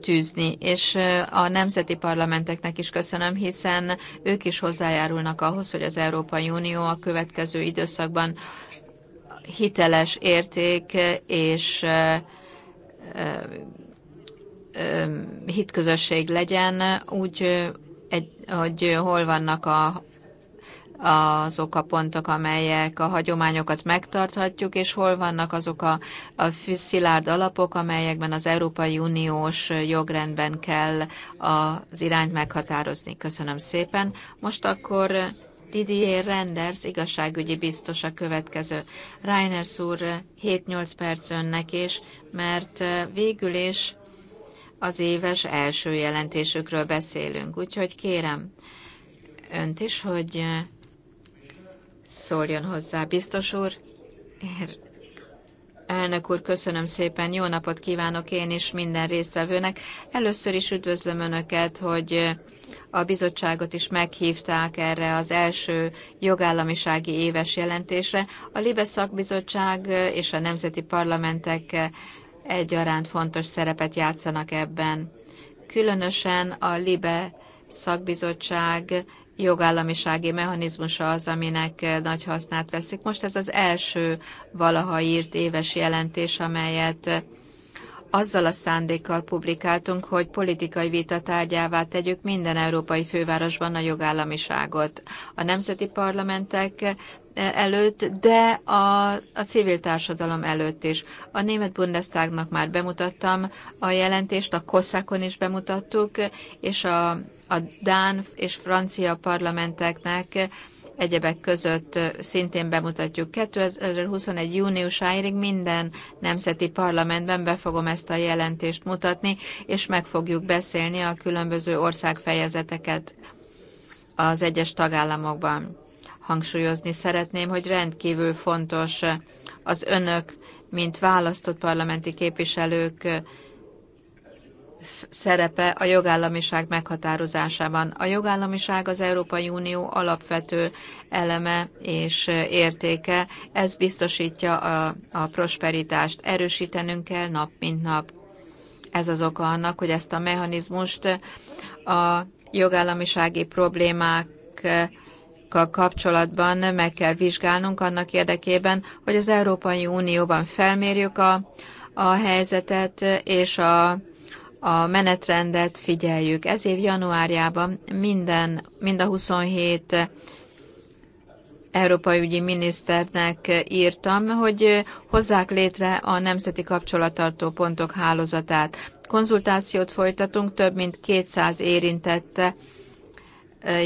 tűzni. És a nemzeti parlamenteknek is köszönöm, hiszen ők is hozzájárulnak ahhoz, hogy az Európai Unió a következő időszakban hiteles érték és hitközösség legyen, úgy, egy, hogy hol vannak a, azok a pontok, amelyek a hagyományokat megtarthatjuk, és hol vannak azok a, a szilárd alapok, amelyekben az Európai Uniós jogrendben kell az irányt meghatározni. Köszönöm szépen. Most akkor Didier Renders, igazságügyi biztos a következő. Reiners úr 7-8 eh, perc önnek is, mert eh, végül is az éves első jelentésükről beszélünk. Úgyhogy kérem önt is, hogy eh, szóljon hozzá. Biztos úr, Elnök úr, köszönöm szépen, jó napot kívánok én is minden résztvevőnek. Először is üdvözlöm Önöket, hogy a bizottságot is meghívták erre az első jogállamisági éves jelentésre. A Libe szakbizottság és a nemzeti parlamentek egyaránt fontos szerepet játszanak ebben. Különösen a Libe szakbizottság jogállamisági mechanizmusa az, aminek nagy hasznát veszik. Most ez az első valaha írt éves jelentés, amelyet azzal a szándékkal publikáltunk, hogy politikai vita tárgyává tegyük minden európai fővárosban a jogállamiságot. A nemzeti parlamentek e, előtt, de a, a civil társadalom előtt is. A német Bundestagnak már bemutattam a jelentést, a Kosszákon is bemutattuk, és a, a Dán és francia parlamenteknek egyebek között szintén bemutatjuk. 2021. júniusáig minden nemzeti parlamentben be fogom ezt a jelentést mutatni, és meg fogjuk beszélni a különböző országfejezeteket az egyes tagállamokban. Hangsúlyozni szeretném, hogy rendkívül fontos az önök, mint választott parlamenti képviselők szerepe a jogállamiság meghatározásában. A jogállamiság az Európai Unió alapvető eleme és értéke. Ez biztosítja a, a prosperitást. Erősítenünk kell nap mint nap. Ez az oka annak, hogy ezt a mechanizmust a jogállamisági problémák kapcsolatban meg kell vizsgálnunk annak érdekében, hogy az Európai Unióban felmérjük a, a helyzetet, és a a menetrendet figyeljük. Ez év januárjában minden, mind a 27 európai ügyi miniszternek írtam, hogy hozzák létre a Nemzeti kapcsolatartó Pontok hálózatát. Konzultációt folytatunk, több mint 200 érintette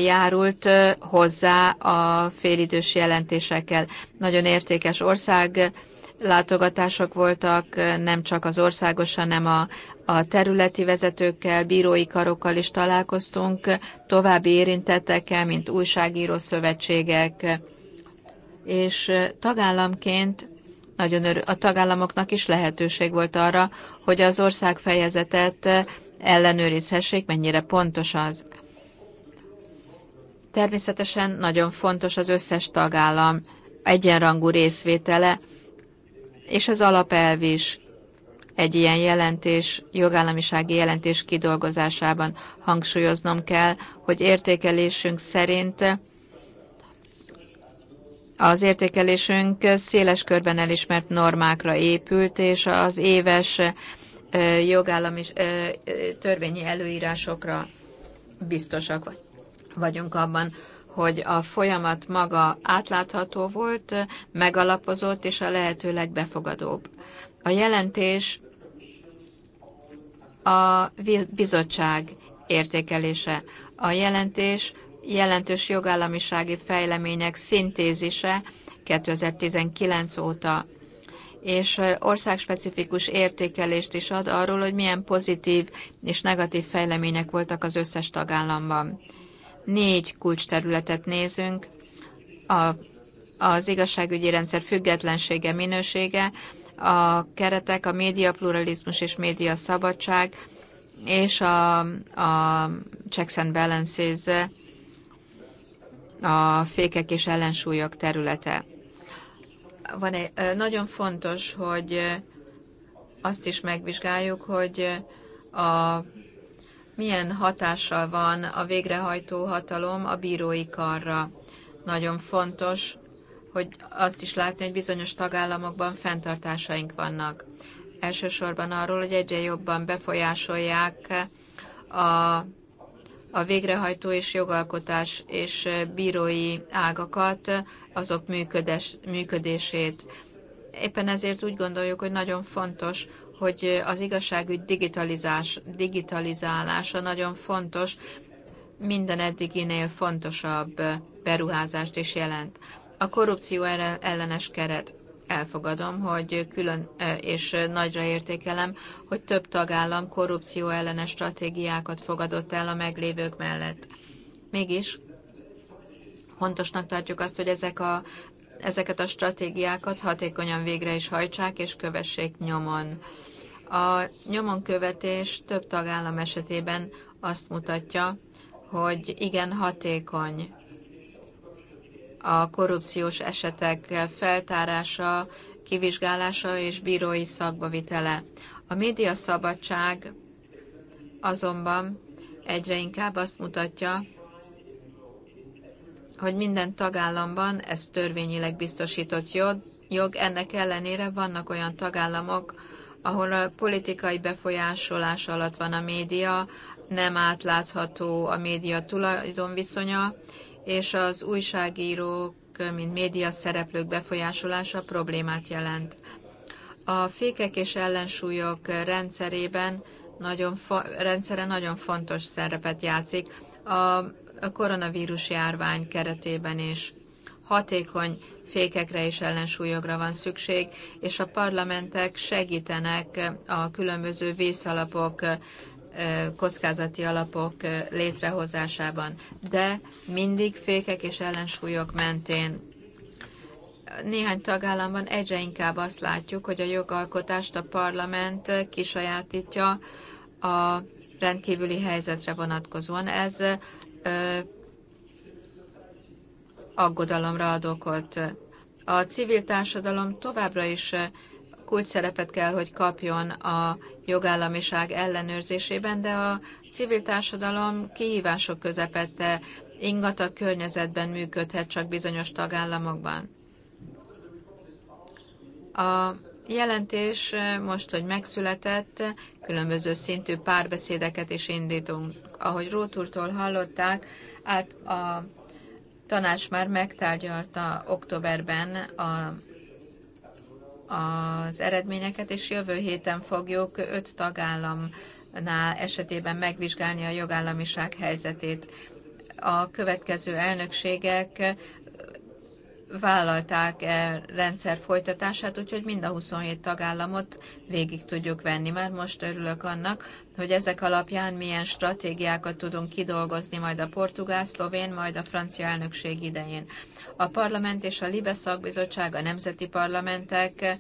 járult hozzá a félidős jelentésekkel. Nagyon értékes ország látogatások voltak, nem csak az országos, hanem a, a területi vezetőkkel, bírói karokkal is találkoztunk, további érintettekkel, mint újságíró szövetségek, és tagállamként nagyon örül, a tagállamoknak is lehetőség volt arra, hogy az ország fejezetet ellenőrizhessék, mennyire pontos az. Természetesen nagyon fontos az összes tagállam egyenrangú részvétele, és az alapelv is, egy ilyen jelentés, jogállamisági jelentés kidolgozásában. Hangsúlyoznom kell, hogy értékelésünk szerint az értékelésünk széles körben elismert normákra épült, és az éves jogállami törvényi előírásokra biztosak vagyunk abban, hogy a folyamat maga átlátható volt, megalapozott és a lehető legbefogadóbb. A jelentés a bizottság értékelése. A jelentés jelentős jogállamisági fejlemények szintézise 2019 óta, és országspecifikus értékelést is ad arról, hogy milyen pozitív és negatív fejlemények voltak az összes tagállamban. Négy kulcsterületet nézünk, a, az igazságügyi rendszer függetlensége, minősége, a keretek, a média pluralizmus és média szabadság, és a, a checks and balances, a fékek és ellensúlyok területe. Van egy, nagyon fontos, hogy azt is megvizsgáljuk, hogy a, milyen hatással van a végrehajtó hatalom a bírói karra. Nagyon fontos, hogy azt is látni, hogy bizonyos tagállamokban fenntartásaink vannak. Elsősorban arról, hogy egyre jobban befolyásolják a, a végrehajtó és jogalkotás és bírói ágakat, azok működés, működését. Éppen ezért úgy gondoljuk, hogy nagyon fontos, hogy az igazságügy digitalizás, digitalizálása nagyon fontos, minden eddiginél fontosabb beruházást is jelent. A korrupció ellenes keret. Elfogadom, hogy külön e, és nagyra értékelem, hogy több tagállam korrupció ellenes stratégiákat fogadott el a meglévők mellett. Mégis fontosnak tartjuk azt, hogy ezek a, ezeket a stratégiákat hatékonyan végre is hajtsák és kövessék nyomon. A nyomonkövetés több tagállam esetében azt mutatja, hogy igen hatékony a korrupciós esetek feltárása, kivizsgálása és bírói vitele. A média szabadság azonban egyre inkább azt mutatja, hogy minden tagállamban ez törvényileg biztosított jog, ennek ellenére vannak olyan tagállamok, ahol a politikai befolyásolás alatt van a média, nem átlátható a média tulajdonviszonya, és az újságírók, mint média szereplők befolyásolása problémát jelent. A fékek és ellensúlyok rendszerében nagyon rendszere nagyon fontos szerepet játszik a koronavírus járvány keretében is. Hatékony fékekre és ellensúlyokra van szükség, és a parlamentek segítenek a különböző vészalapok kockázati alapok létrehozásában, de mindig fékek és ellensúlyok mentén néhány tagállamban egyre inkább azt látjuk, hogy a jogalkotást a parlament kisajátítja a rendkívüli helyzetre vonatkozóan. Ez ö, aggodalomra ad okot. A civil társadalom továbbra is kulcsszerepet kell, hogy kapjon a jogállamiság ellenőrzésében, de a civil társadalom kihívások közepette ingatag környezetben működhet csak bizonyos tagállamokban. A jelentés most, hogy megszületett, különböző szintű párbeszédeket is indítunk. Ahogy Rótúrtól hallották, át a tanács már megtárgyalta októberben a az eredményeket, és jövő héten fogjuk öt tagállamnál esetében megvizsgálni a jogállamiság helyzetét. A következő elnökségek vállalták -e rendszer folytatását, úgyhogy mind a 27 tagállamot végig tudjuk venni. Már most örülök annak, hogy ezek alapján milyen stratégiákat tudunk kidolgozni majd a portugál, szlovén, majd a francia elnökség idején. A parlament és a LIBE szakbizottság, a nemzeti parlamentek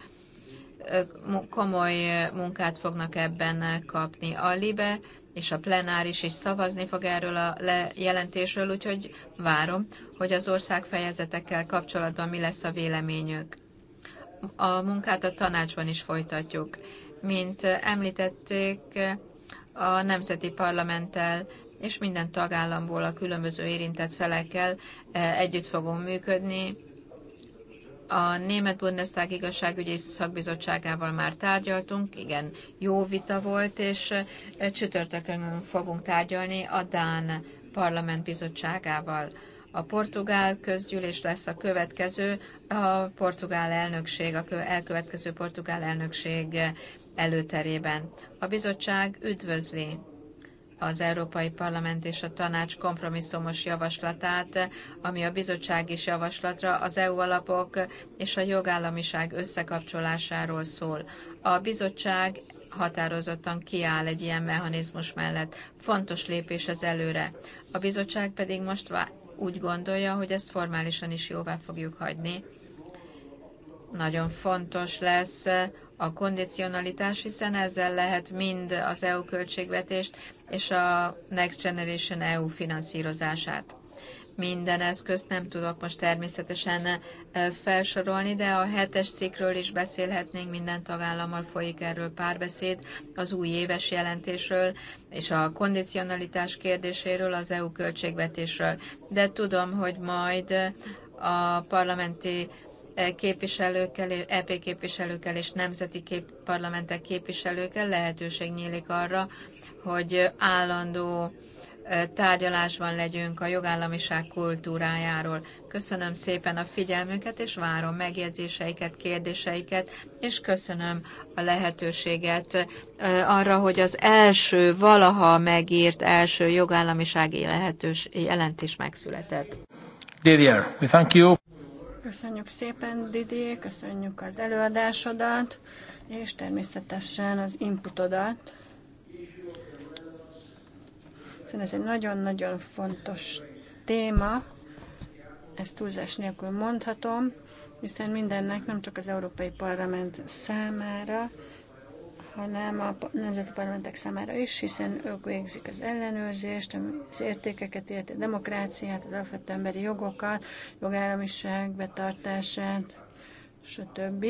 komoly munkát fognak ebben kapni. A LIBE és a plenáris is szavazni fog erről a jelentésről, úgyhogy várom, hogy az ország fejezetekkel kapcsolatban mi lesz a véleményük. A munkát a tanácsban is folytatjuk. Mint említették, a nemzeti parlamenttel és minden tagállamból a különböző érintett felekkel e, együtt fogunk működni. A Német Bundestag igazságügyi szakbizottságával már tárgyaltunk, igen, jó vita volt, és e, csütörtökön fogunk tárgyalni a Dán Parlament Bizottságával. A portugál közgyűlés lesz a következő, a portugál elnökség, a elkövetkező portugál elnökség e, előterében. A bizottság üdvözli az Európai Parlament és a Tanács kompromisszumos javaslatát, ami a bizottság is javaslatra az EU alapok és a jogállamiság összekapcsolásáról szól. A bizottság határozottan kiáll egy ilyen mechanizmus mellett. Fontos lépés ez előre. A bizottság pedig most úgy gondolja, hogy ezt formálisan is jóvá fogjuk hagyni nagyon fontos lesz a kondicionalitás, hiszen ezzel lehet mind az EU költségvetést és a Next Generation EU finanszírozását. Minden eszközt nem tudok most természetesen e, felsorolni, de a hetes cikkről is beszélhetnénk, minden tagállammal folyik erről párbeszéd, az új éves jelentésről és a kondicionalitás kérdéséről, az EU költségvetésről. De tudom, hogy majd a parlamenti képviselőkkel, EP képviselőkkel és nemzeti kép, parlamentek képviselőkkel lehetőség nyílik arra, hogy állandó tárgyalásban legyünk a jogállamiság kultúrájáról. Köszönöm szépen a figyelmüket, és várom megjegyzéseiket, kérdéseiket, és köszönöm a lehetőséget arra, hogy az első, valaha megírt első jogállamisági lehetős jelentés megszületett. Didier, we thank you. Köszönjük szépen, Didi, köszönjük az előadásodat, és természetesen az inputodat. Szóval ez egy nagyon-nagyon fontos téma, ezt túlzás nélkül mondhatom, hiszen mindennek nem csak az Európai Parlament számára, hanem a nemzeti parlamentek számára is, hiszen ők végzik az ellenőrzést, az értékeket, illeti a demokráciát, az alapvető emberi jogokat, jogállamiság betartását, stb.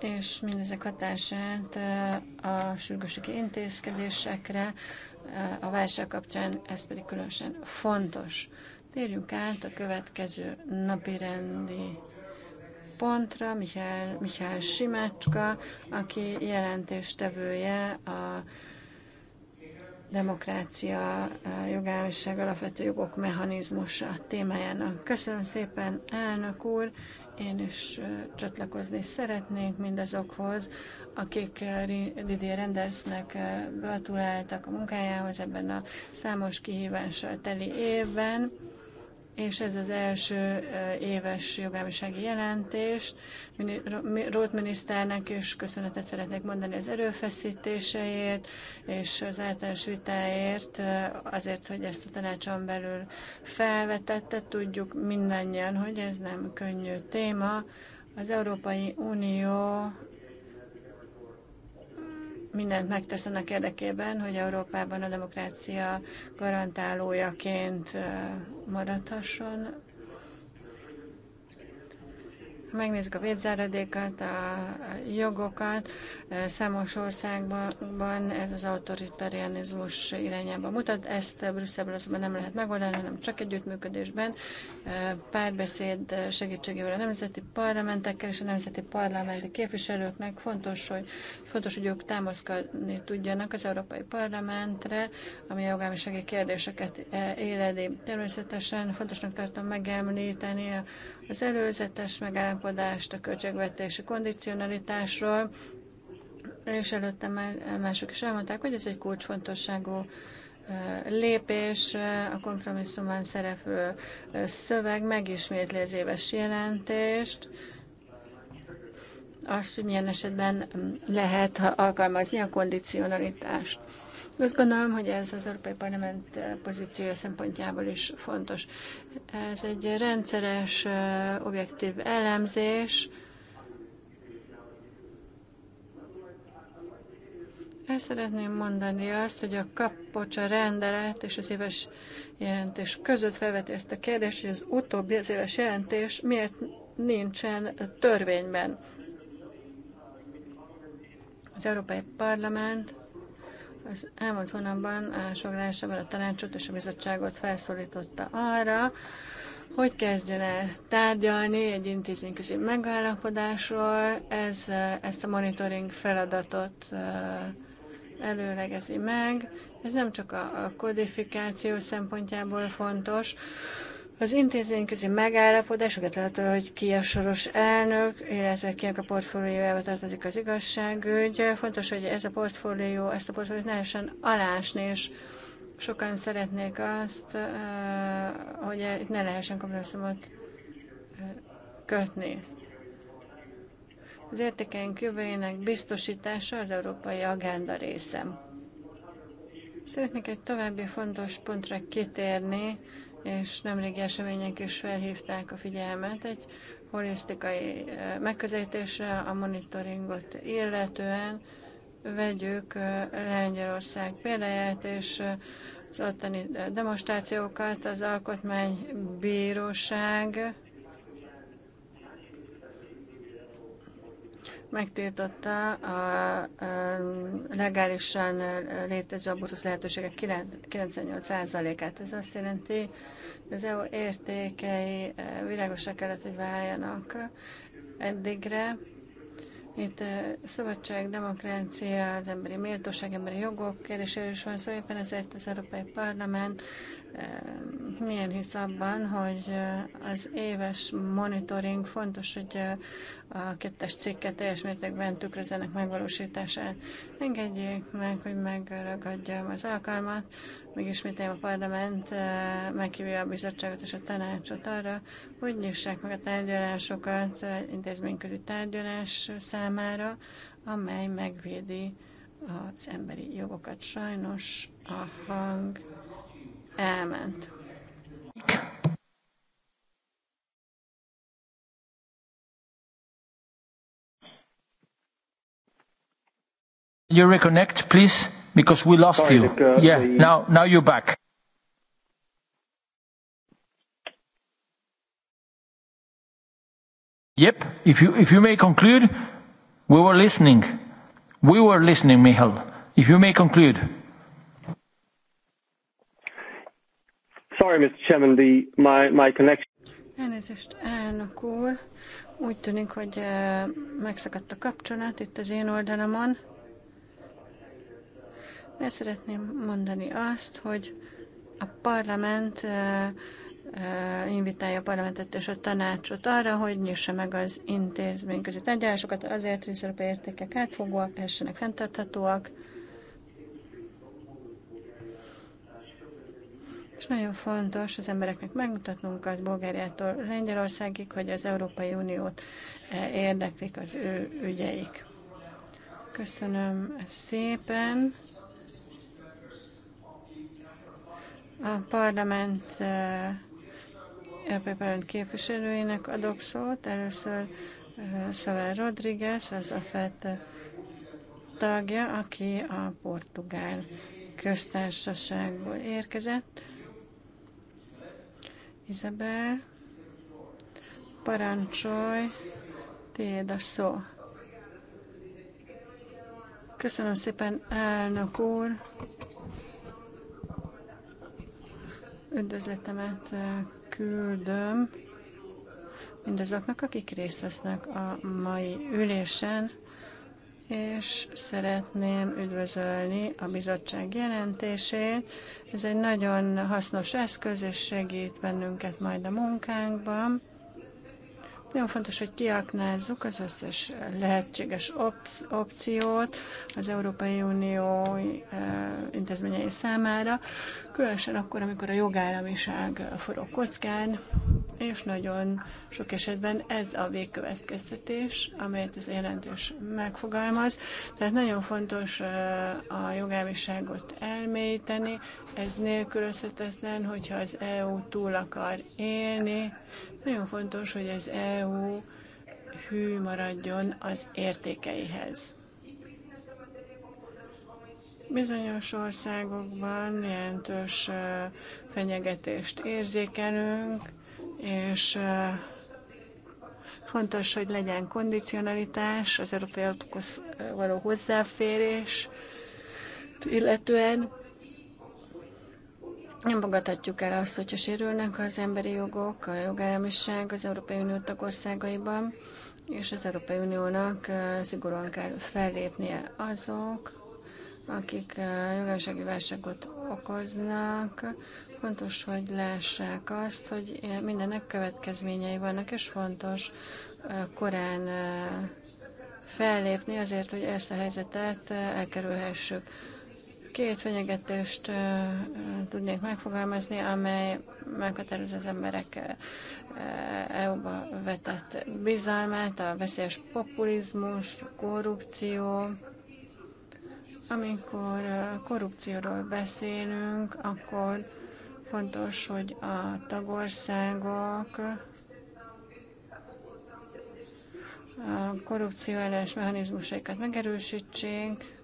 És mindezek hatását a sürgősségi intézkedésekre, a válság kapcsán ez pedig különösen fontos. Térjünk át a következő napi rendi pontra, Mihály, Mihály Simácska, aki jelentéstevője a demokrácia, jogállásság, alapvető jogok mechanizmusa témájának. Köszönöm szépen, elnök úr! Én is csatlakozni szeretnék mindazokhoz, akik Didier Rendersnek gratuláltak a munkájához ebben a számos kihívással teli évben és ez az első eh, éves jogállamisági jelentés. Rót miniszternek is köszönetet szeretnék mondani az erőfeszítéseért, és az általános vitáért, eh, azért, hogy ezt a tanácson belül felvetette. Tudjuk mindannyian, hogy ez nem könnyű téma. Az Európai Unió mindent megtesz annak érdekében, hogy Európában a demokrácia garantálójaként maradhasson megnézzük a védzáradékat, a jogokat, számos országban ez az autoritarianizmus irányába mutat. Ezt Brüsszelből azonban nem lehet megoldani, hanem csak együttműködésben, párbeszéd segítségével a nemzeti parlamentekkel és a nemzeti parlamenti képviselőknek fontos, hogy, fontos, hogy ők támaszkodni tudjanak az Európai Parlamentre, ami a jogállamisági kérdéseket éledi. Természetesen fontosnak tartom megemlíteni a az előzetes megállapodást a költségvetési kondicionalitásról, és előtte már mások is elmondták, hogy ez egy kulcsfontosságú lépés, a kompromisszumban szereplő szöveg megismétli az éves jelentést, azt, hogy milyen esetben mm, lehet alkalmazni a kondicionalitást. Azt gondolom, hogy ez az Európai Parlament eh, pozíciója szempontjából is fontos. Ez egy rendszeres, eh, objektív elemzés. El szeretném mondani azt, hogy a kapocsa rendelet és az éves jelentés között felveti ezt a kérdést, hogy az utóbbi, az éves jelentés miért nincsen törvényben. Az Európai Parlament az elmúlt hónapban a sográsában a tanácsot és a bizottságot felszólította arra, hogy kezdjen el tárgyalni egy intézményközi megállapodásról. Ez, ezt a monitoring feladatot előlegezi meg. Ez nem csak a kodifikáció szempontjából fontos, az intézményközi megállapodás, attól, hogy ki a soros elnök, illetve ki a portfóliójába tartozik az igazságügy, fontos, hogy ez a portfólió, ezt a portfóliót ne lehessen alásni, és sokan szeretnék azt, hogy itt ne lehessen kompromisszumot kötni. Az értékeink jövőjének biztosítása az európai agenda része. Szeretnék egy további fontos pontra kitérni, és nemrégi események is felhívták a figyelmet egy holisztikai eh, megközelítésre a monitoringot illetően. Vegyük eh, Lengyelország példáját, és eh, az ottani demonstrációkat az Alkotmánybíróság megtiltotta a legálisan létező abortusz lehetőségek 98%-át. Ez azt jelenti, hogy az EU értékei e, világosra kellett, hogy váljanak eddigre. Itt e, szabadság, demokrácia, az emberi méltóság, emberi jogok kérdéséről is van szó, szóval éppen ezért az Európai Parlament milyen hisz abban, hogy az éves monitoring fontos, hogy a kettes cikket teljes mértékben tükrözenek megvalósítását. Engedjék meg, hogy megragadjam az alkalmat, még ismételjem a parlament meghívja a bizottságot és a tanácsot arra, hogy nyissák meg a tárgyalásokat intézményközi tárgyalás számára, amely megvédi az emberi jogokat. Sajnos a hang elment. You reconnect, please, because we lost Sorry, you. uh, yeah, the... now now you're back. Yep. If you if you may conclude, we were listening. We were listening, Michal. If you may conclude. sorry, Mr. Chairman, the, my, my connection. Elnézést, elnök úr. Úgy tűnik, hogy megszakadt a kapcsolat itt az én oldalamon. De szeretném mondani azt, hogy a parlament invitálja a parlamentet és a tanácsot arra, hogy nyissa meg az intézményközi tárgyalásokat azért, hogy az európai értékek átfogóak, lehessenek fenntarthatóak, És nagyon fontos az embereknek megmutatnunk az Bulgáriától Lengyelországig, hogy az Európai Uniót e, érdeklik az ő ügyeik. Köszönöm szépen. A parlament e, Európai Parlament képviselőinek adok szót. Először e, Szavel Rodriguez, az a FET tagja, aki a portugál köztársaságból érkezett. Izabel, parancsolj, tiéd a szó. Köszönöm szépen, elnök úr. Üdvözletemet eh, küldöm mindazoknak, akik részt vesznek a mai ülésen és szeretném üdvözölni a bizottság jelentését. Ez egy nagyon hasznos eszköz, és segít bennünket majd a munkánkban. Nagyon fontos, hogy kiaknázzuk az összes lehetséges opciót az Európai Unió intézményei számára, különösen akkor, amikor a jogállamiság forog kockán, és nagyon sok esetben ez a végkövetkeztetés, amelyet ez jelentős megfogalmaz. Tehát nagyon fontos a jogállamiságot elmélyíteni, ez nélkülözhetetlen, hogyha az EU túl akar élni, nagyon fontos, hogy az EU hű maradjon az értékeihez. Bizonyos országokban jelentős fenyegetést érzékelünk, és fontos, hogy legyen kondicionalitás, az európai alapokhoz való hozzáférés illetően nem fogadhatjuk el azt, hogyha sérülnek az emberi jogok, a jogállamiság az Európai Unió tagországaiban, és az Európai Uniónak szigorúan kell fellépnie azok, akik jogállamisági válságot okoznak. Fontos, hogy lássák azt, hogy mindennek következményei vannak, és fontos korán fellépni azért, hogy ezt a helyzetet elkerülhessük. Két fenyegetést tudnék megfogalmazni, amely meghatározza az emberek EU-ba vetett bizalmát, a veszélyes populizmus, korrupció. Amikor korrupcióról beszélünk, akkor fontos, hogy a tagországok a korrupció ellenes mechanizmusaikat megerősítsék,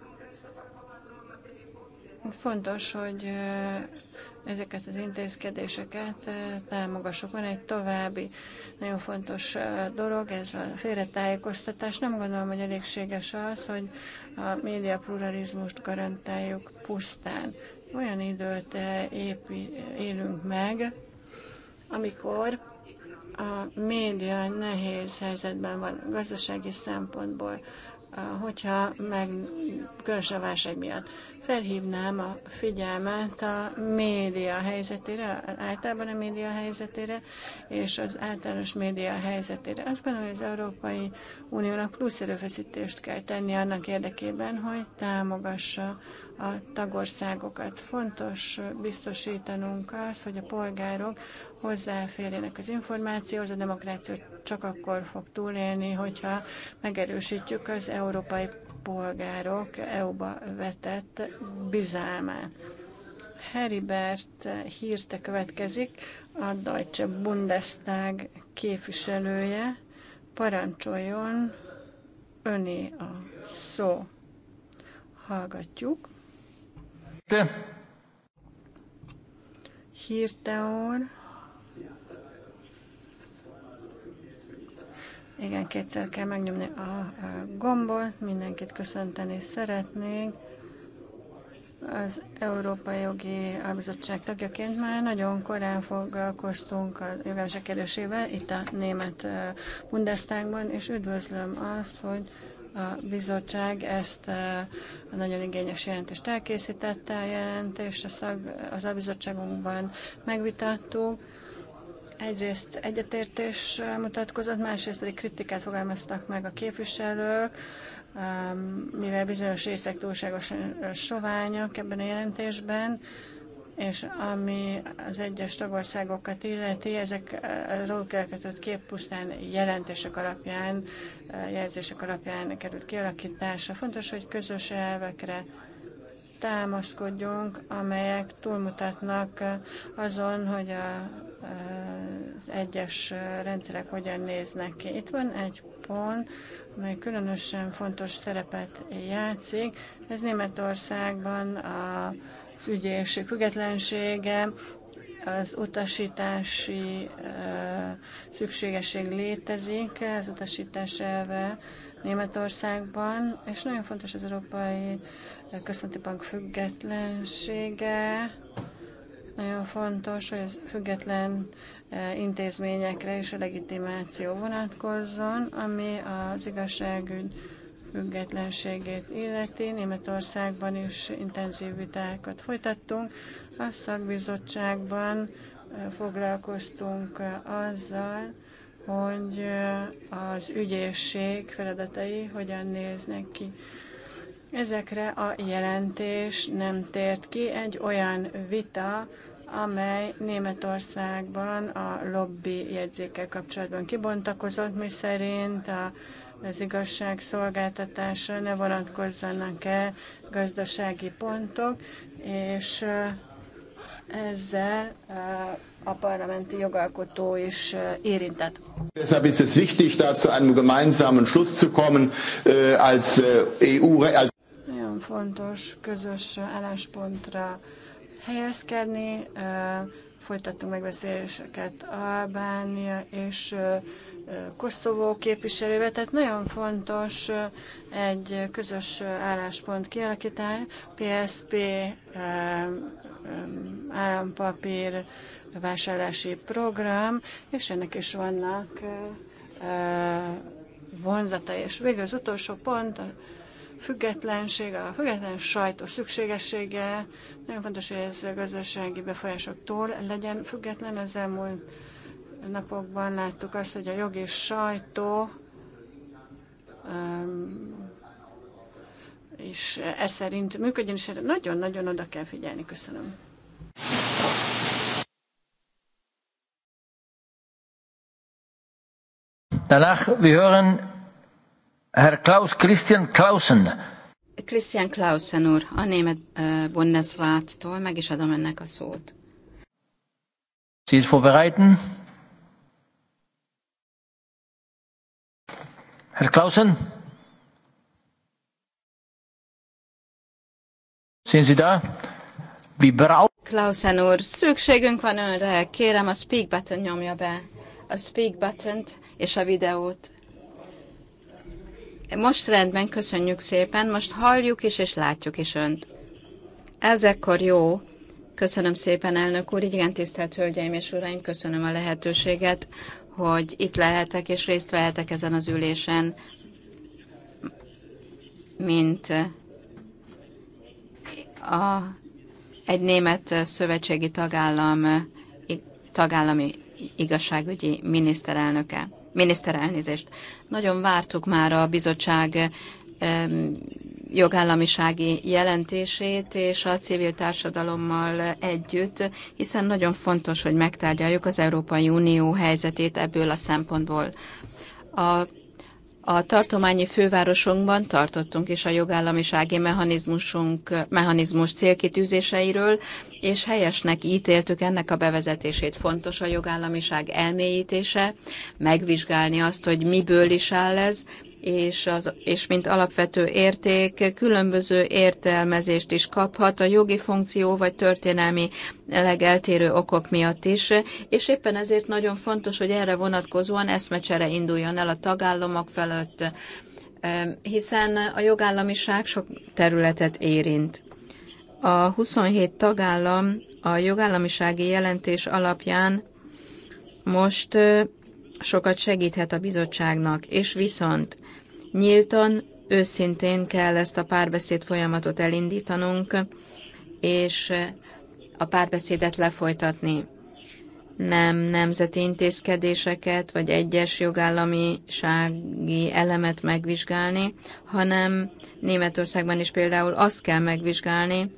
Fontos, hogy ezeket az intézkedéseket támogassuk. Van egy további nagyon fontos dolog, ez a félretájékoztatás. Nem gondolom, hogy elégséges az, hogy a média pluralizmust garantáljuk pusztán. Olyan időt épi, élünk meg, amikor a média nehéz helyzetben van gazdasági szempontból, hogyha meg különösen válság miatt Felhívnám a figyelmet a média helyzetére, általában a média helyzetére, és az általános média helyzetére. Azt gondolom, hogy az Európai Uniónak plusz erőfeszítést kell tenni annak érdekében, hogy támogassa a tagországokat. Fontos biztosítanunk az, hogy a polgárok hozzáférjenek az információhoz, a demokrácia csak akkor fog túlélni, hogyha megerősítjük az európai polgárok EU-ba vetett bizalmát. Heribert hírte következik, a Deutsche Bundestag képviselője. Parancsoljon, öné a szó. Hallgatjuk. Te. Hírte Igen, kétszer kell megnyomni a gombot, mindenkit köszönteni szeretnénk. Az Európai Jogi Bizottság tagjaként már nagyon korán foglalkoztunk a jogállások kérdésével itt a német Bundestagban, és üdvözlöm azt, hogy a bizottság ezt a nagyon igényes jelentést elkészítette, a jelentést a szag, az a bizottságunkban megvitattuk Egyrészt egyetértés mutatkozott, másrészt pedig kritikát fogalmaztak meg a képviselők, um, mivel bizonyos részek túlságosan soványak ebben a jelentésben, és ami az egyes tagországokat illeti, ezek róluk elkötött kép pusztán jelentések alapján, jelzések alapján került kialakítása. Fontos, hogy közös elvekre támaszkodjunk, amelyek túlmutatnak azon, hogy a, az egyes rendszerek hogyan néznek ki. Itt van egy pont, amely különösen fontos szerepet játszik. Ez Németországban a ügyészség függetlensége, az utasítási uh, szükségesség létezik, az utasítás elve Németországban, és nagyon fontos az Európai központi bank függetlensége. Nagyon fontos, hogy ez független e, intézményekre is a legitimáció vonatkozzon, ami az igazságügy függetlenségét illeti. Németországban is intenzív vitákat folytattunk. A szakbizottságban e, foglalkoztunk e, azzal, hogy az ügyészség feladatai hogyan néznek ki. Ezekre a jelentés nem tért ki. Egy olyan vita, amely Németországban a lobby jegyzékkel kapcsolatban kibontakozott, mi szerint a, az szolgáltatása ne vonatkozzanak el gazdasági pontok, és ezzel a parlamenti jogalkotó is érintett. Deshalb ist es wichtig, da zu einem gemeinsamen Schluss zu kommen, äh, als äh, EU. Als Nagyon fontos közös álláspontra helyezkedni. Folytattunk megbeszéléseket Albánia és Koszovó képviselővel, tehát nagyon fontos egy közös álláspont kialakítani. PSP állampapír vásárlási program, és ennek is vannak eh, eh, vonzata. És végül az utolsó pont, a függetlenség, a független sajtó szükségessége. Nagyon fontos, hogy ez a gazdasági befolyásoktól legyen független. Az elmúlt napokban láttuk azt, hogy a jogi sajtó és ez szerint működjön, és erre nagyon-nagyon oda kell figyelni. Köszönöm. Danach wir hören Herr Klaus Christian Klausen. Christian Klausen úr, a német uh, Bundesráttól meg is adom ennek a szót. Sie ist vorbereiten. Herr Klausen? Sehen Sie da? Wir brauchen... Klausen úr, szükségünk van önre. Kérem, a speak button nyomja be. A speak button és a videót. Most rendben, köszönjük szépen. Most halljuk is, és látjuk is önt. Ezekkor jó. Köszönöm szépen, elnök úr. Igen, tisztelt hölgyeim és uraim, köszönöm a lehetőséget, hogy itt lehetek és részt vehetek ezen az ülésen, mint a, egy német szövetségi tagállam, tagállami igazságügyi miniszterelnöke, miniszter elnézést. Nagyon vártuk már a bizottság jogállamisági jelentését és a civil társadalommal együtt, hiszen nagyon fontos, hogy megtárgyaljuk az Európai Unió helyzetét ebből a szempontból. A a tartományi fővárosunkban tartottunk is a jogállamisági mechanizmusunk, mechanizmus célkitűzéseiről, és helyesnek ítéltük ennek a bevezetését. Fontos a jogállamiság elmélyítése, megvizsgálni azt, hogy miből is áll ez, és, az, és mint alapvető érték különböző értelmezést is kaphat a jogi funkció vagy történelmi legeltérő okok miatt is, és éppen ezért nagyon fontos, hogy erre vonatkozóan eszmecsere induljon el a tagállamok felett, hiszen a jogállamiság sok területet érint. A 27 tagállam a jogállamisági jelentés alapján most sokat segíthet a bizottságnak, és viszont nyíltan, őszintén kell ezt a párbeszéd folyamatot elindítanunk, és a párbeszédet lefolytatni. Nem nemzeti intézkedéseket, vagy egyes jogállamisági elemet megvizsgálni, hanem Németországban is például azt kell megvizsgálni,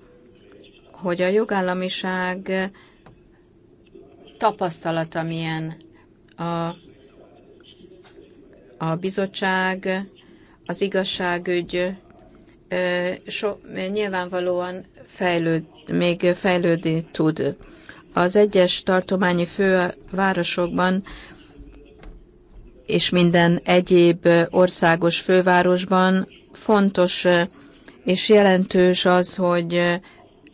hogy a jogállamiság tapasztalata milyen a a bizottság, az igazságügy so, nyilvánvalóan fejlőd, még fejlődni tud. Az egyes tartományi fővárosokban és minden egyéb országos fővárosban fontos és jelentős az, hogy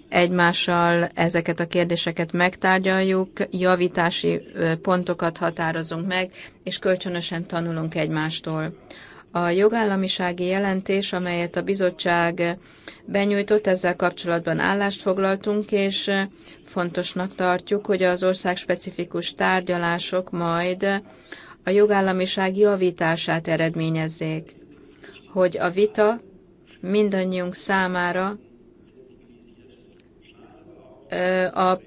egymással ezeket a kérdéseket megtárgyaljuk, javítási pontokat határozunk meg, és kölcsönösen tanulunk egymástól. A jogállamisági jelentés, amelyet a bizottság benyújtott, ezzel kapcsolatban állást foglaltunk, és fontosnak tartjuk, hogy az ország specifikus tárgyalások majd a jogállamiság javítását eredményezzék, hogy a vita mindannyiunk számára a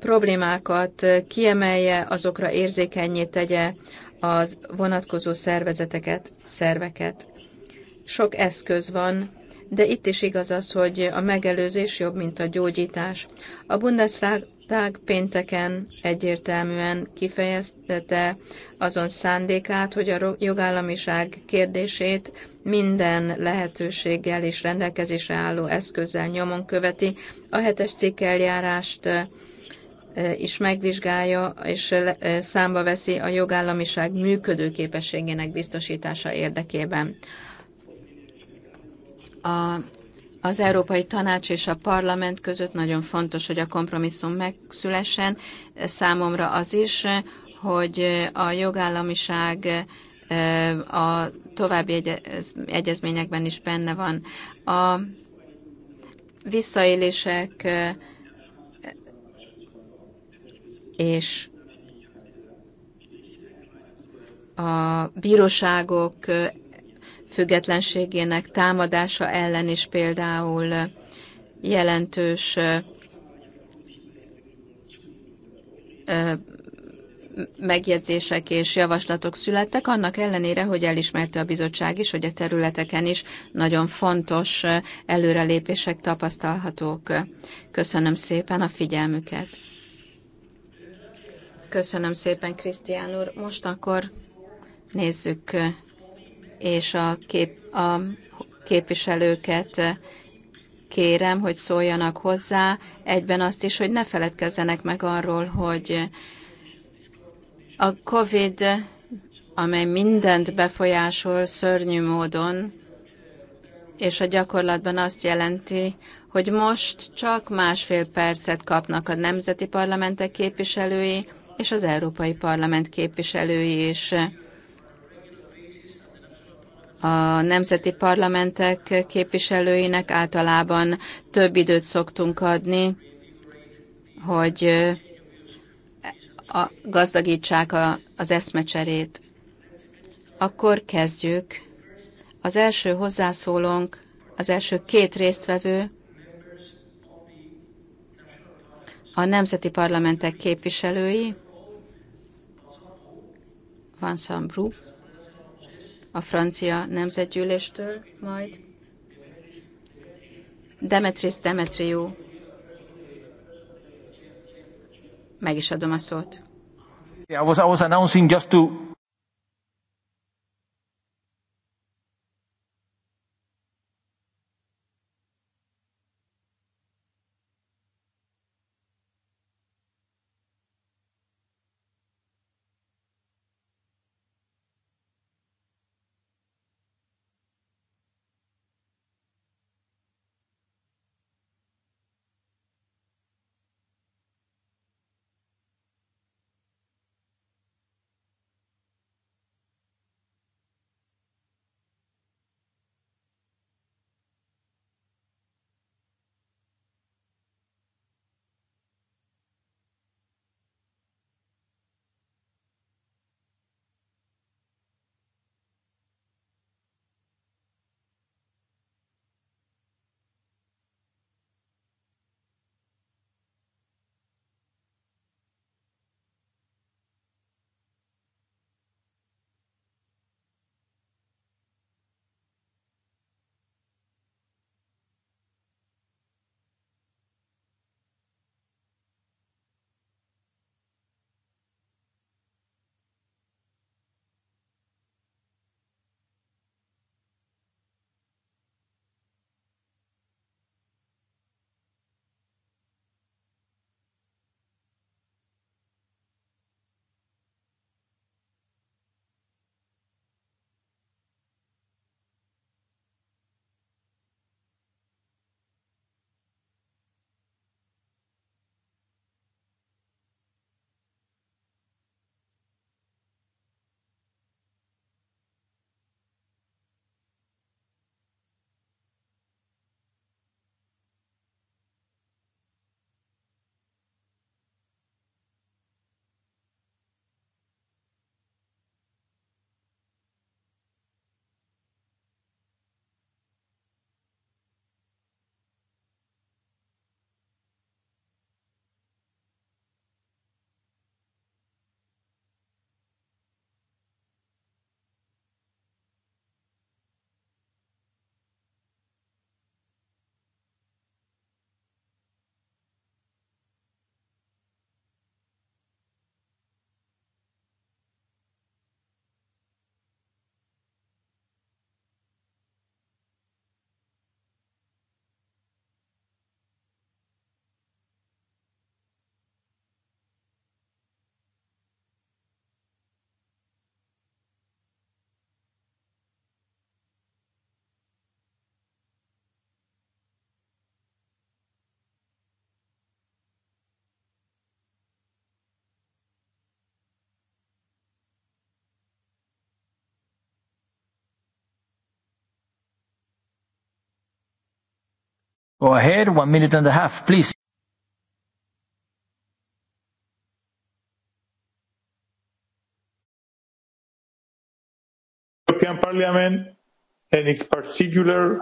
problémákat kiemelje, azokra érzékenyé tegye az vonatkozó szervezeteket, szerveket. Sok eszköz van, de itt is igaz az, hogy a megelőzés jobb, mint a gyógyítás. A Bundesrat Tág pénteken egyértelműen kifejeztette azon szándékát, hogy a jogállamiság kérdését minden lehetőséggel és rendelkezésre álló eszközzel nyomon követi. A hetes cikk eljárást is megvizsgálja és számba veszi a jogállamiság működőképességének biztosítása érdekében. A az Európai Tanács és a Parlament között nagyon fontos, hogy a kompromisszum megszülessen. Számomra az is, hogy a jogállamiság a további egyez, egyezményekben is benne van. A visszaélések és a bíróságok függetlenségének támadása ellen is például jelentős megjegyzések és javaslatok születtek, annak ellenére, hogy elismerte a bizottság is, hogy a területeken is nagyon fontos előrelépések tapasztalhatók. Köszönöm szépen a figyelmüket. Köszönöm szépen, Krisztián úr. Most akkor nézzük és a, kép, a képviselőket eh, kérem, hogy szóljanak hozzá, egyben azt is, hogy ne feledkezzenek meg arról, hogy a COVID, amely mindent befolyásol szörnyű módon, és a gyakorlatban azt jelenti, hogy most csak másfél percet kapnak a nemzeti parlamentek képviselői és az Európai Parlament képviselői is a nemzeti parlamentek képviselőinek általában több időt szoktunk adni, hogy a, gazdagítsák a, az eszmecserét. Akkor kezdjük. Az első hozzászólónk, az első két résztvevő a nemzeti parlamentek képviselői, Van Sambrook, a francia nemzetgyűléstől majd. Demetris Demetriou. Meg is adom a szót. I was, I was announcing just to Go ahead, one minute and a half, please. European Parliament and its particular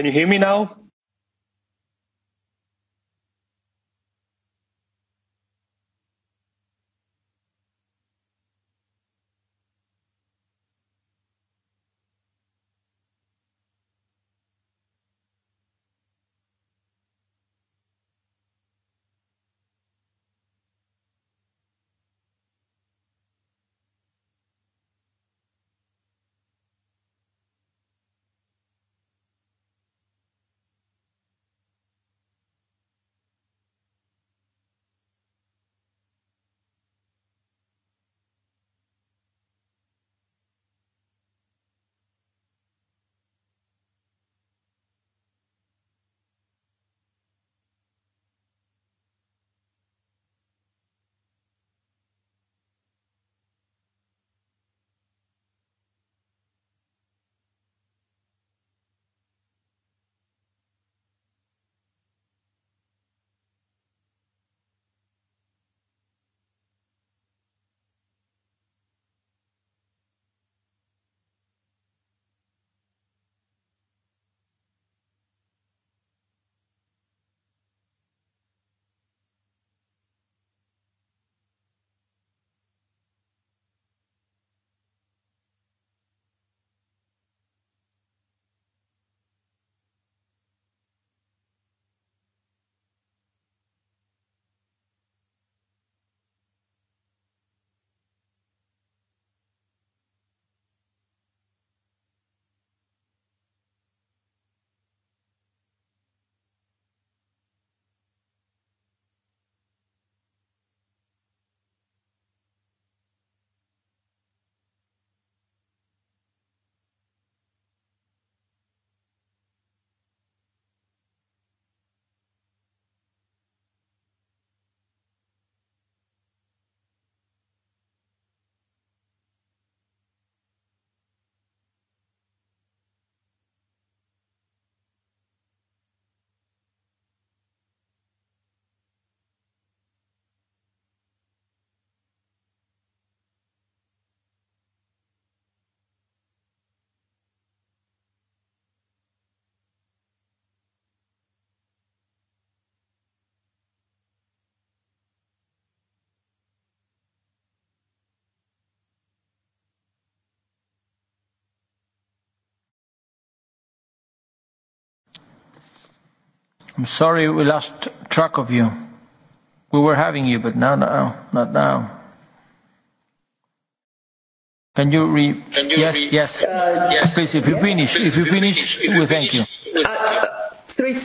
Can you hear me now? I'm sorry we lost track of you. We were having you, but now, now, not now. Can you re? Can you yes, re yes. Uh, yes. Please, if you finish, if you finish, we thank you. Uh, uh, three.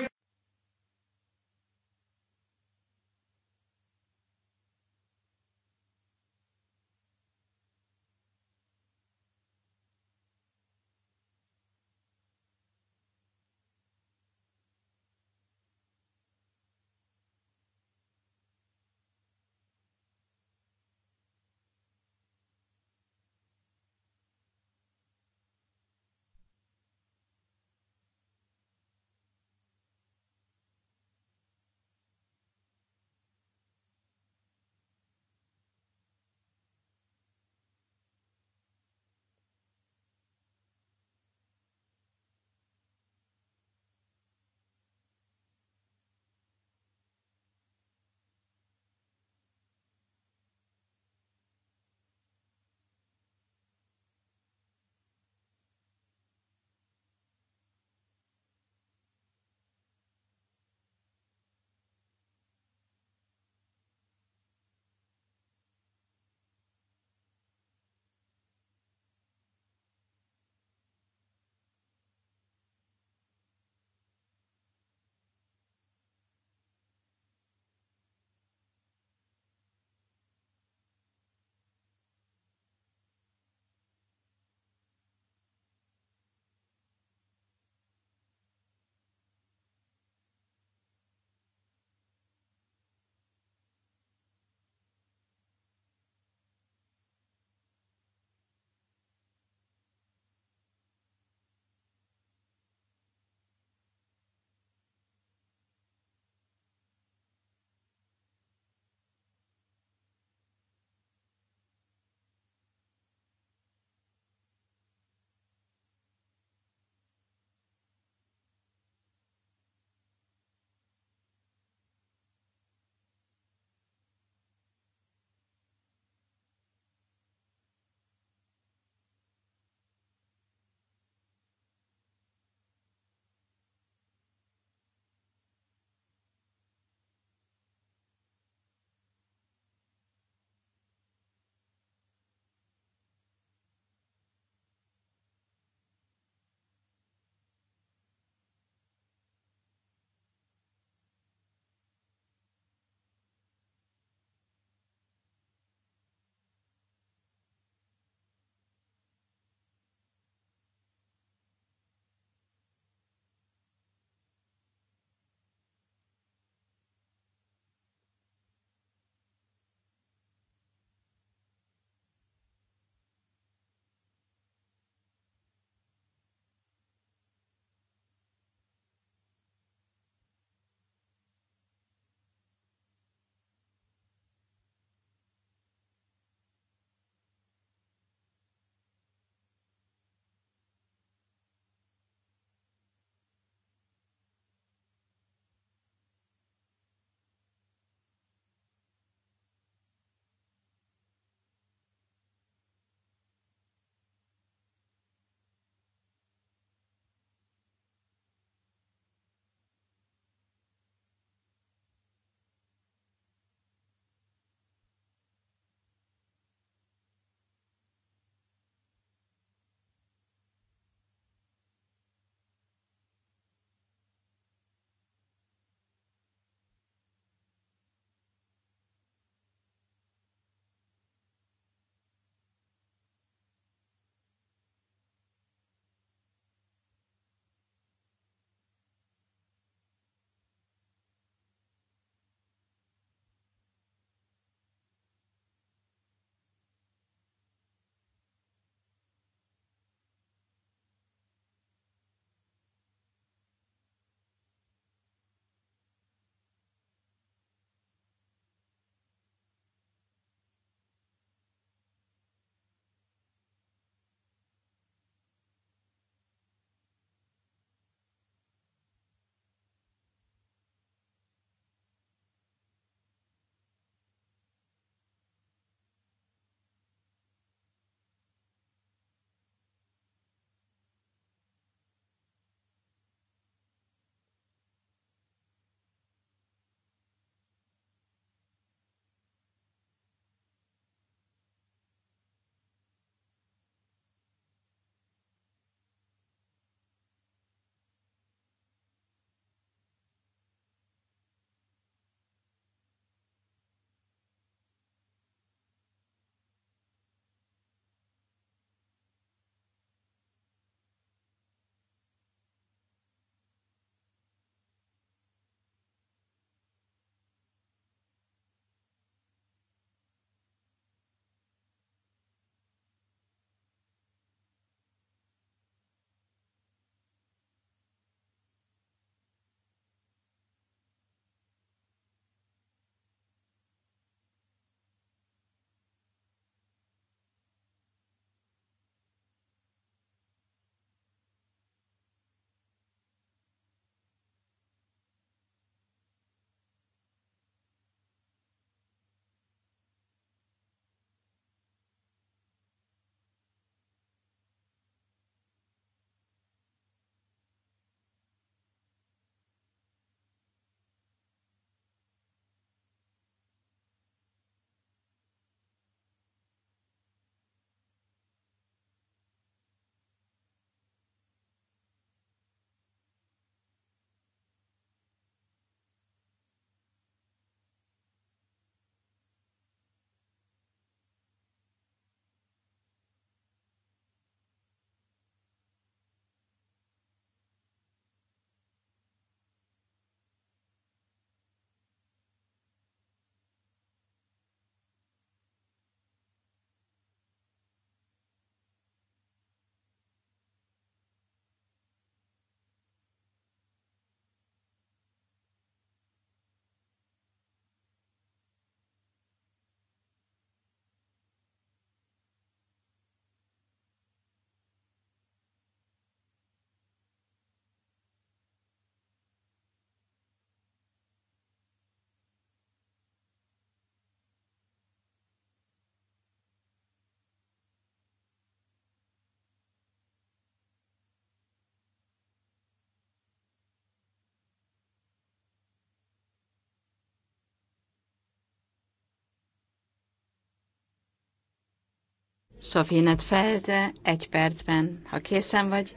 Szofinet Felde, egy percben, ha készen vagy,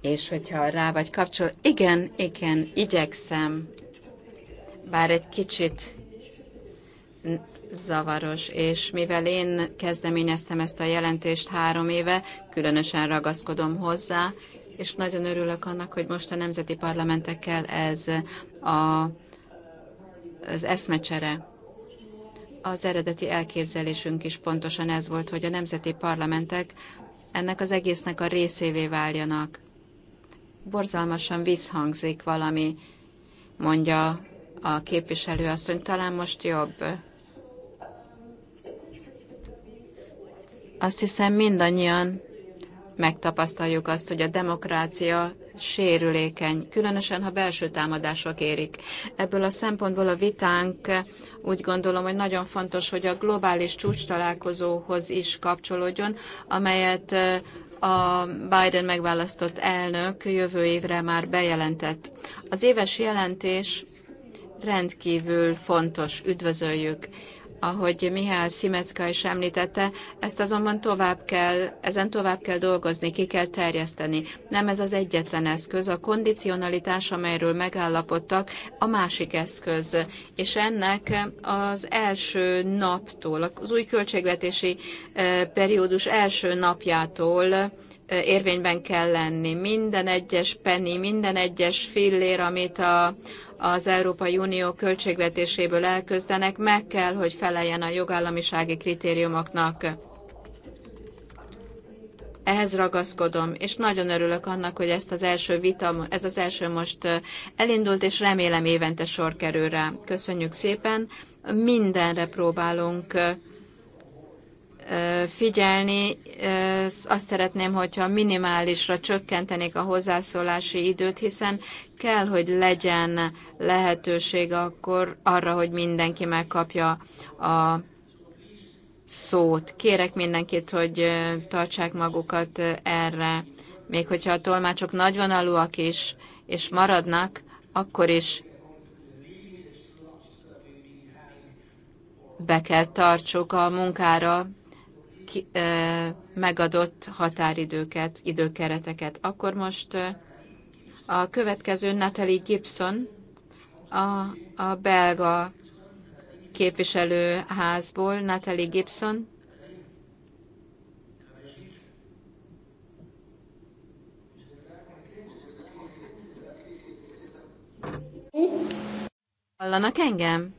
és hogyha rá vagy kapcsol, igen, igen, igyekszem, bár egy kicsit zavaros, és mivel én kezdeményeztem ezt a jelentést három éve, különösen ragaszkodom hozzá, és nagyon örülök annak, hogy most a nemzeti parlamentekkel ez a, az eszmecsere az eredeti elképzelésünk is pontosan ez volt, hogy a nemzeti parlamentek ennek az egésznek a részévé váljanak. Borzalmasan visszhangzik valami, mondja a képviselő asszony, talán most jobb. Azt hiszem mindannyian megtapasztaljuk azt, hogy a demokrácia sérülékeny, különösen ha belső támadások érik. Ebből a szempontból a vitánk úgy gondolom, hogy nagyon fontos, hogy a globális csúcs találkozóhoz is kapcsolódjon, amelyet eh, a Biden megválasztott elnök jövő évre már bejelentett. Az éves jelentés rendkívül fontos, üdvözöljük ahogy Mihály Szimecka is említette, ezt azonban tovább kell, ezen tovább kell dolgozni, ki kell terjeszteni. Nem ez az egyetlen eszköz, a kondicionalitás, amelyről megállapodtak, a másik eszköz. És ennek az első naptól, az új költségvetési eh, periódus első napjától érvényben kell lenni. Minden egyes penny, minden egyes fillér, amit a, az Európai Unió költségvetéséből elközdenek, meg kell, hogy feleljen a jogállamisági kritériumoknak. Ehhez ragaszkodom, és nagyon örülök annak, hogy ezt az első vita, ez az első most elindult, és remélem évente sor kerül rá. Köszönjük szépen. Mindenre próbálunk figyelni. Azt szeretném, hogyha minimálisra csökkentenék a hozzászólási időt, hiszen kell, hogy legyen lehetőség akkor arra, hogy mindenki megkapja a szót. Kérek mindenkit, hogy tartsák magukat erre, még hogyha a tolmácsok nagyvonalúak is, és maradnak, akkor is be kell tartsuk a munkára megadott határidőket, időkereteket. Akkor most a következő Natalie Gibson, a, a belga képviselőházból, Natalie Gibson. Hallanak engem?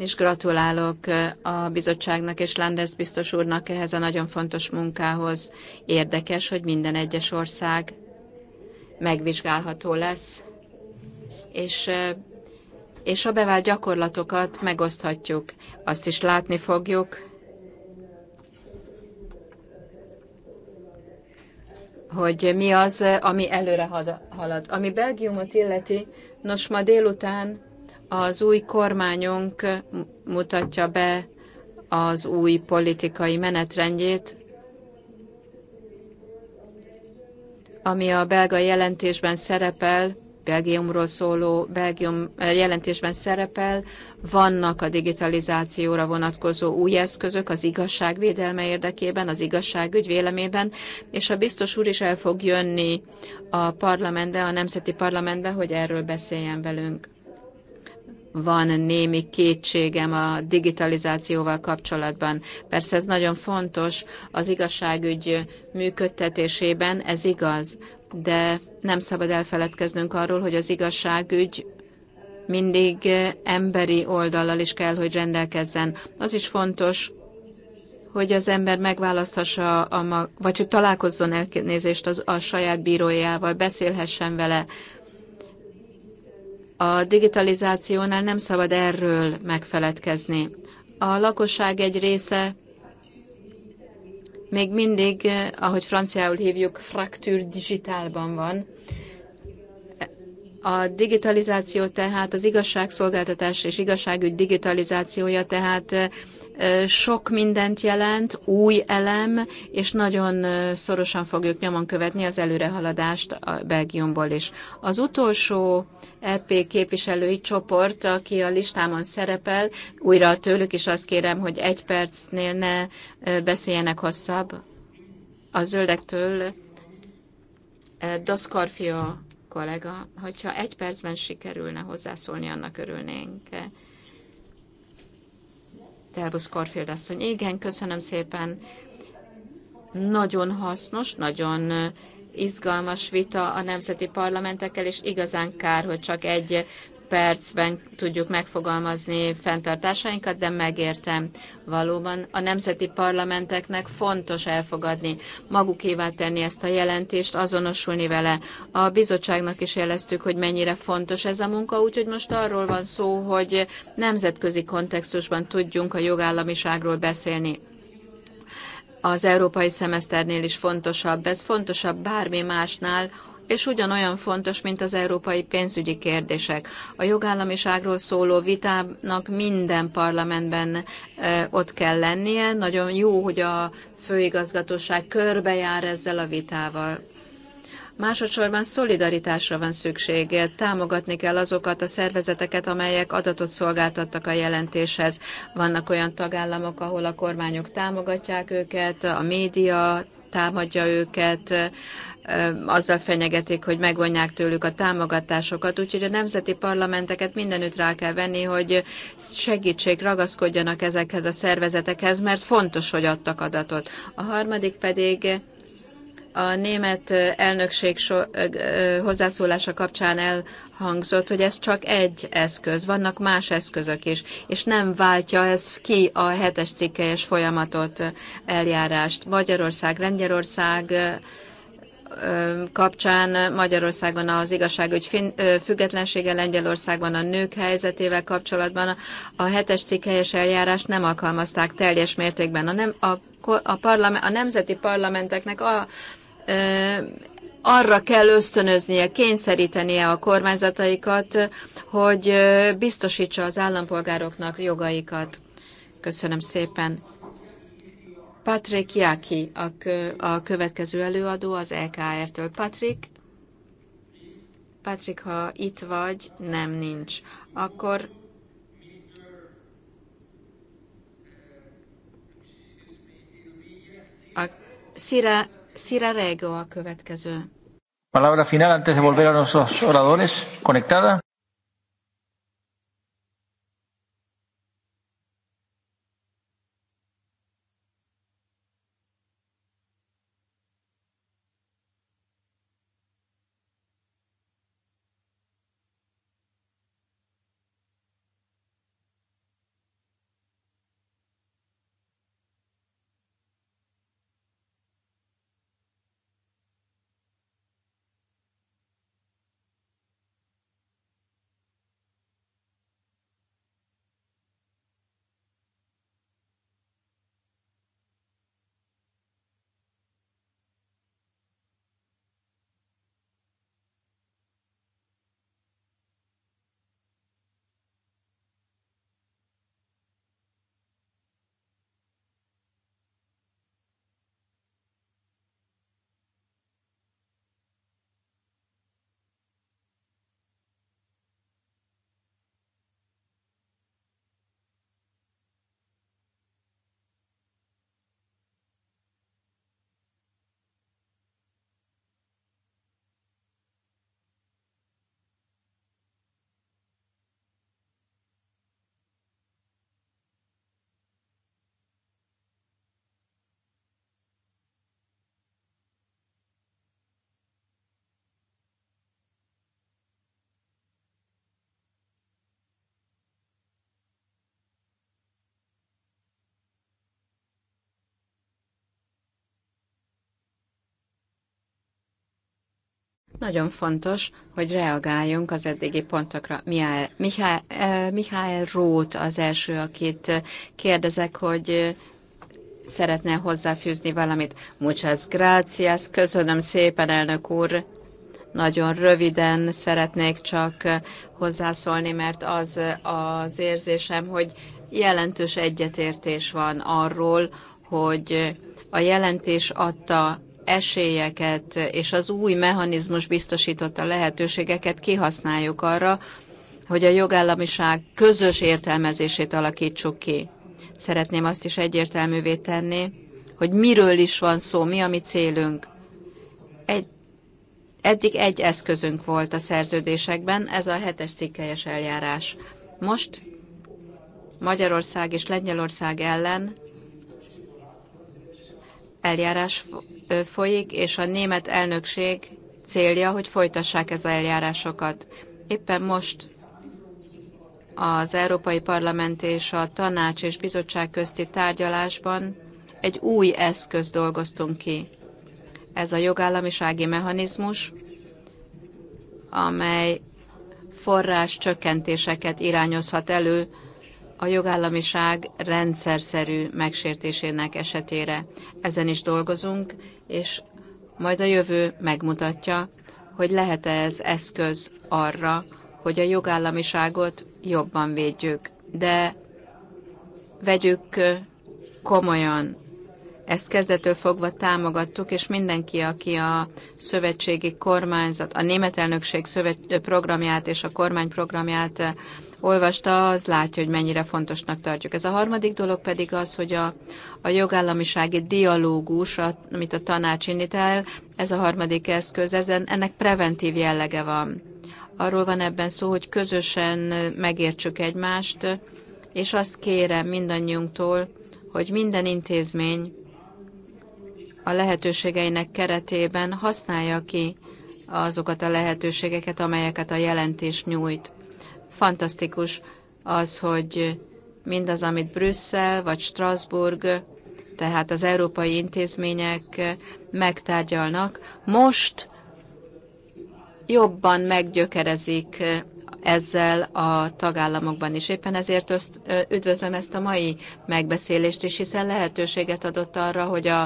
Én is gratulálok a bizottságnak és Landers biztos úrnak ehhez a nagyon fontos munkához. Érdekes, hogy minden egyes ország megvizsgálható lesz, és, és a bevált gyakorlatokat megoszthatjuk. Azt is látni fogjuk, hogy mi az, ami előre halad. Ami Belgiumot illeti, nos ma délután az új kormányunk mutatja be az új politikai menetrendjét, ami a belga jelentésben szerepel, Belgiumról szóló Belgium eh, jelentésben szerepel, vannak a digitalizációra vonatkozó új eszközök az igazságvédelme érdekében, az igazságügy vélemében, és a biztos úr is el fog jönni a parlamentbe, a nemzeti parlamentbe, hogy erről beszéljen velünk van némi kétségem a digitalizációval kapcsolatban. Persze ez nagyon fontos az igazságügy működtetésében, ez igaz, de nem szabad elfeledkeznünk arról, hogy az igazságügy mindig emberi oldallal is kell, hogy rendelkezzen. Az is fontos, hogy az ember megválaszthassa, a mag, vagy hogy találkozzon elnézést az, a saját bírójával, beszélhessen vele, a digitalizációnál nem szabad erről megfeledkezni. A lakosság egy része még mindig, ahogy franciául hívjuk, fraktúr digitálban van. A digitalizáció tehát, az igazságszolgáltatás és igazságügy digitalizációja tehát sok mindent jelent, új elem, és nagyon szorosan fogjuk nyomon követni az előrehaladást a Belgiumból is. Az utolsó EP képviselői csoport, aki a listámon szerepel, újra tőlük is azt kérem, hogy egy percnél ne beszéljenek hosszabb. A zöldektől Doscorfio kollega, hogyha egy percben sikerülne hozzászólni, annak örülnénk. Delbus Korfield asszony. Igen, köszönöm szépen. Nagyon hasznos, nagyon izgalmas vita a nemzeti parlamentekkel, és igazán kár, hogy csak egy percben tudjuk megfogalmazni fenntartásainkat, de megértem valóban. A nemzeti parlamenteknek fontos elfogadni, magukévá tenni ezt a jelentést, azonosulni vele. A bizottságnak is jeleztük, hogy mennyire fontos ez a munka, úgyhogy most arról van szó, hogy nemzetközi kontextusban tudjunk a jogállamiságról beszélni az európai szemeszternél is fontosabb. Ez fontosabb bármi másnál, és ugyanolyan fontos, mint az európai pénzügyi kérdések. A jogállamiságról szóló vitának minden parlamentben ott kell lennie. Nagyon jó, hogy a főigazgatóság körbejár ezzel a vitával. Másodszorban szolidaritásra van szükség. Támogatni kell azokat a szervezeteket, amelyek adatot szolgáltattak a jelentéshez. Vannak olyan tagállamok, ahol a kormányok támogatják őket, a média támadja őket, azzal fenyegetik, hogy megvonják tőlük a támogatásokat, úgyhogy a nemzeti parlamenteket mindenütt rá kell venni, hogy segítsék, ragaszkodjanak ezekhez a szervezetekhez, mert fontos, hogy adtak adatot. A harmadik pedig a német elnökség so, hozzászólása kapcsán elhangzott, hogy ez csak egy eszköz, vannak más eszközök is, és nem váltja ez ki a hetes cikkelyes folyamatot, eljárást. Magyarország, Lengyelország, kapcsán Magyarországon az igazságügy függetlensége, Lengyelországban a nők helyzetével kapcsolatban a hetes cikk helyes eljárást nem alkalmazták teljes mértékben. A, nem, a, a, parlament, a nemzeti parlamenteknek a, arra kell ösztönöznie, kényszerítenie a kormányzataikat, hogy biztosítsa az állampolgároknak jogaikat. Köszönöm szépen. Patrick Jaki a, kö, a következő előadó az EKR-től. Patrick, Patrick, ha itt vagy, nem nincs. Akkor a Sira, Sira Rego a következő. Palabra final antes de volver a nuestros oradores. Conectada. Nagyon fontos, hogy reagáljunk az eddigi pontokra. Mihály, Mihály, eh, Mihály Rót az első, akit kérdezek, hogy eh, szeretne hozzáfűzni valamit. Muchas gracias, köszönöm szépen, elnök úr. Nagyon röviden szeretnék csak eh, hozzászólni, mert az az érzésem, hogy jelentős egyetértés van arról, hogy a jelentés adta esélyeket és az új mechanizmus biztosította lehetőségeket kihasználjuk arra, hogy a jogállamiság közös értelmezését alakítsuk ki. Szeretném azt is egyértelművé tenni, hogy miről is van szó, mi a mi célunk. Egy, eddig egy eszközünk volt a szerződésekben, ez a hetes cikkelyes eljárás. Most Magyarország és Lengyelország ellen eljárás folyik, és a német elnökség célja, hogy folytassák ez eljárásokat. Éppen most az Európai Parlament és a Tanács és Bizottság közti tárgyalásban egy új eszköz dolgoztunk ki. Ez a jogállamisági mechanizmus, amely forrás csökkentéseket irányozhat elő a jogállamiság rendszerszerű megsértésének esetére. Ezen is dolgozunk, és majd a jövő megmutatja, hogy lehet-e ez eszköz arra, hogy a jogállamiságot jobban védjük. De vegyük komolyan. Ezt kezdetől fogva támogattuk, és mindenki, aki a szövetségi kormányzat, a német elnökség szövet, programját és a kormányprogramját olvasta, az látja, hogy mennyire fontosnak tartjuk. Ez a harmadik dolog pedig az, hogy a, a jogállamisági dialógus, a, amit a tanács indít el, ez a harmadik eszköz, ezen, ennek preventív jellege van. Arról van ebben szó, hogy közösen megértsük egymást, és azt kérem mindannyiunktól, hogy minden intézmény a lehetőségeinek keretében használja ki azokat a lehetőségeket, amelyeket a jelentés nyújt. Fantasztikus az, hogy mindaz, amit Brüsszel vagy Strasbourg, tehát az európai intézmények megtárgyalnak, most jobban meggyökerezik ezzel a tagállamokban is. Éppen ezért öszt, üdvözlöm ezt a mai megbeszélést is, hiszen lehetőséget adott arra, hogy a,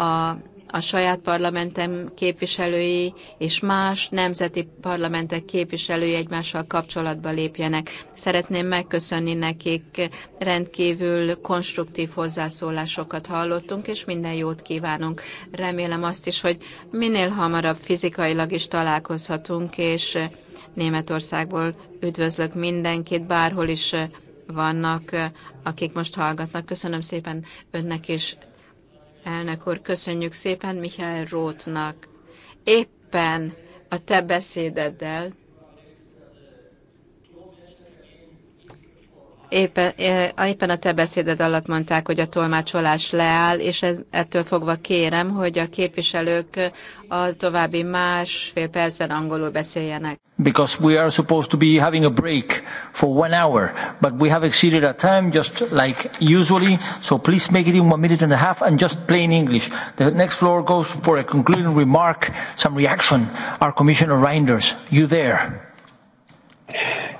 a a saját parlamentem képviselői és más nemzeti parlamentek képviselői egymással kapcsolatba lépjenek. Szeretném megköszönni nekik, rendkívül konstruktív hozzászólásokat hallottunk, és minden jót kívánunk. Remélem azt is, hogy minél hamarabb fizikailag is találkozhatunk, és Németországból üdvözlök mindenkit, bárhol is vannak, akik most hallgatnak. Köszönöm szépen önnek is Elnök úr, köszönjük szépen Mihály Rótnak. Éppen a te beszédeddel Éppen, éppen a te beszéded alatt mondták, hogy a tolmácsolás leáll, és ettől fogva kérem, hogy a képviselők a további másfél percben angolul beszéljenek. Because we are supposed to be having a break for one hour, but we have exceeded a time just like usually, so please make it in one minute and a half and just plain English. The next floor goes for a concluding remark, some reaction. Our Commissioner Reinders, you there?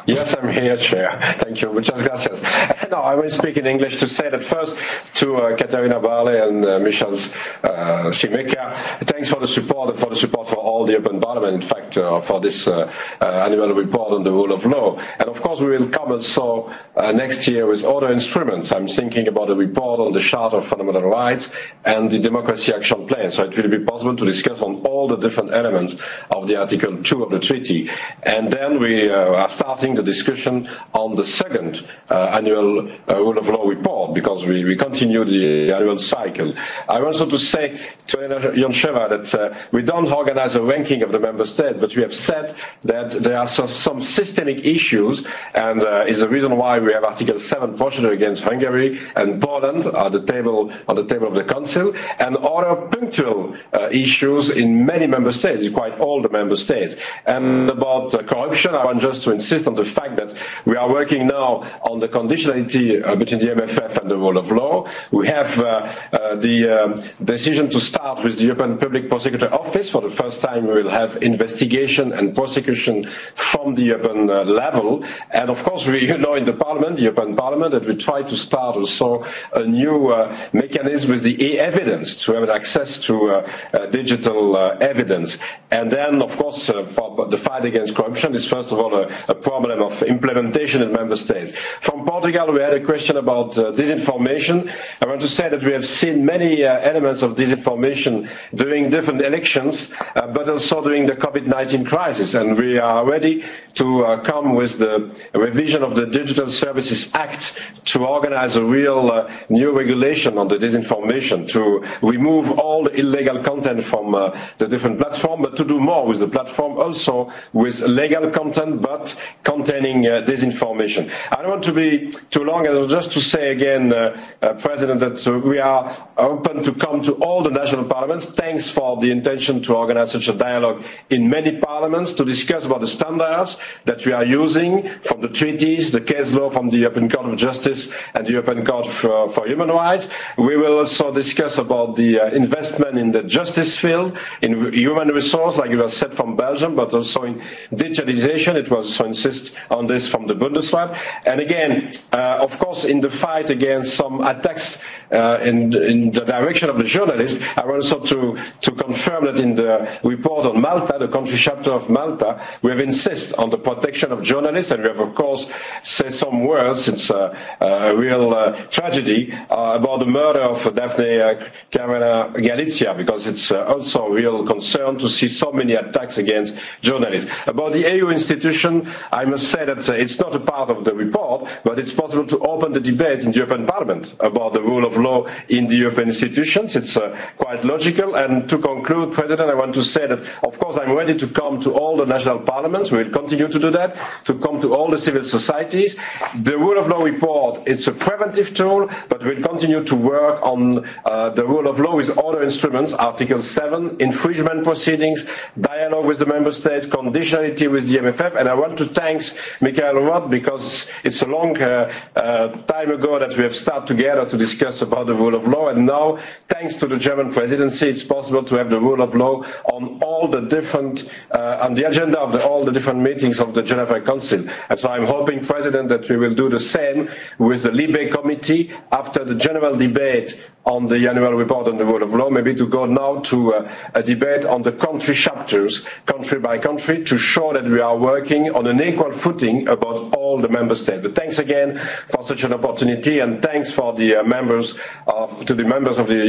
Yes, I'm here, Chair. Thank you. Muchas gracias. No, I will speak in English to say that first to uh, Katerina Barley and uh, Michel uh, Simica, thanks for the support and for the support for all the Open Parliament, in fact, uh, for this uh, uh, annual report on the rule of law. And of course, we will come also uh, next year with other instruments. I'm thinking about a report on the Charter of Fundamental Rights and the Democracy Action Plan. So it will be possible to discuss on all the different elements of the Article 2 of the treaty. And then we uh, are starting the discussion on the second uh, annual uh, rule of law report because we, we continue the annual cycle. I also to say to Elena Yoncheva that uh, we don't organize a ranking of the member states, but we have said that there are some, some systemic issues and uh, is the reason why we have Article 7 procedure against Hungary and Poland at the table on the table of the Council and other punctual uh, issues in many member states, quite all the member states. And about uh, corruption, I want just to insist on the fact that we are working now on the conditionality uh, between the MFF and the rule of law. We have uh, uh, the um, decision to start with the European Public Prosecutor Office. For the first time, we will have investigation and prosecution from the European uh, level. And of course, we, you know, in the Parliament, the European Parliament, that we try to start also a new uh, mechanism with the e-evidence to have access to uh, uh, digital uh, evidence. And then, of course, uh, for the fight against corruption is first of all a, a problem level of implementation in member states. From Portugal, we had a question about uh, disinformation. I want to say that we have seen many uh, elements of disinformation during different elections, uh, but also during the COVID-19 crisis. And we are ready to uh, come with the revision of the Digital Services Act to organize a real uh, new regulation on the disinformation, to remove all the illegal content from uh, the different platforms, but to do more with the platform also with legal content, but content containing uh, disinformation. I don't want to be too long, and just to say again, uh, uh, President, that uh, we are open to come to all the national parliaments. Thanks for the intention to organize such a dialogue in many parliaments to discuss about the standards that we are using from the treaties, the case law from the European Court of Justice and the European Court for, uh, for Human Rights. We will also discuss about the uh, investment in the justice field, in human resource, like you was said from Belgium, but also in digitalization. It was also insisted on this from the Bundesrat. And again, uh, of course, in the fight against some attacks Uh, in, in the direction of the journalist. I want also to, to confirm that in the report on Malta, the country chapter of Malta, we have insisted on the protection of journalists and we have, of course, said some words. since a, uh, uh, a real uh, tragedy uh, about the murder of Daphne uh, Caruana Galizia because it's uh, also a real concern to see so many attacks against journalists. About the EU institution, I must say that uh, it's not a part of the report, but it's possible to open the debate in the European Parliament about the rule of law in the European institutions. It's uh, quite logical. And to conclude, President, I want to say that, of course, I'm ready to come to all the national parliaments. We'll continue to do that, to come to all the civil societies. The rule of law report, it's a preventive tool, but we'll continue to work on uh, the rule of law with other instruments, Article 7, infringement proceedings, dialogue with the member states, conditionality with the MFF. And I want to thank Michael Roth because it's a long uh, uh, time ago that we have started together to discuss the about the rule of law. And now, thanks to the German presidency, it's possible to have the rule of law on all the different, uh, on the agenda of the, all the different meetings of the Geneva Council. And so I'm hoping, President, that we will do the same with the Libe Committee after the general debate on the annual report on the rule of law, maybe to go now to a, uh, a debate on the country chapters, country by country, to show that we are working on an equal footing about all the member states. But thanks again for such an opportunity, and thanks for the uh, members of, to the members of the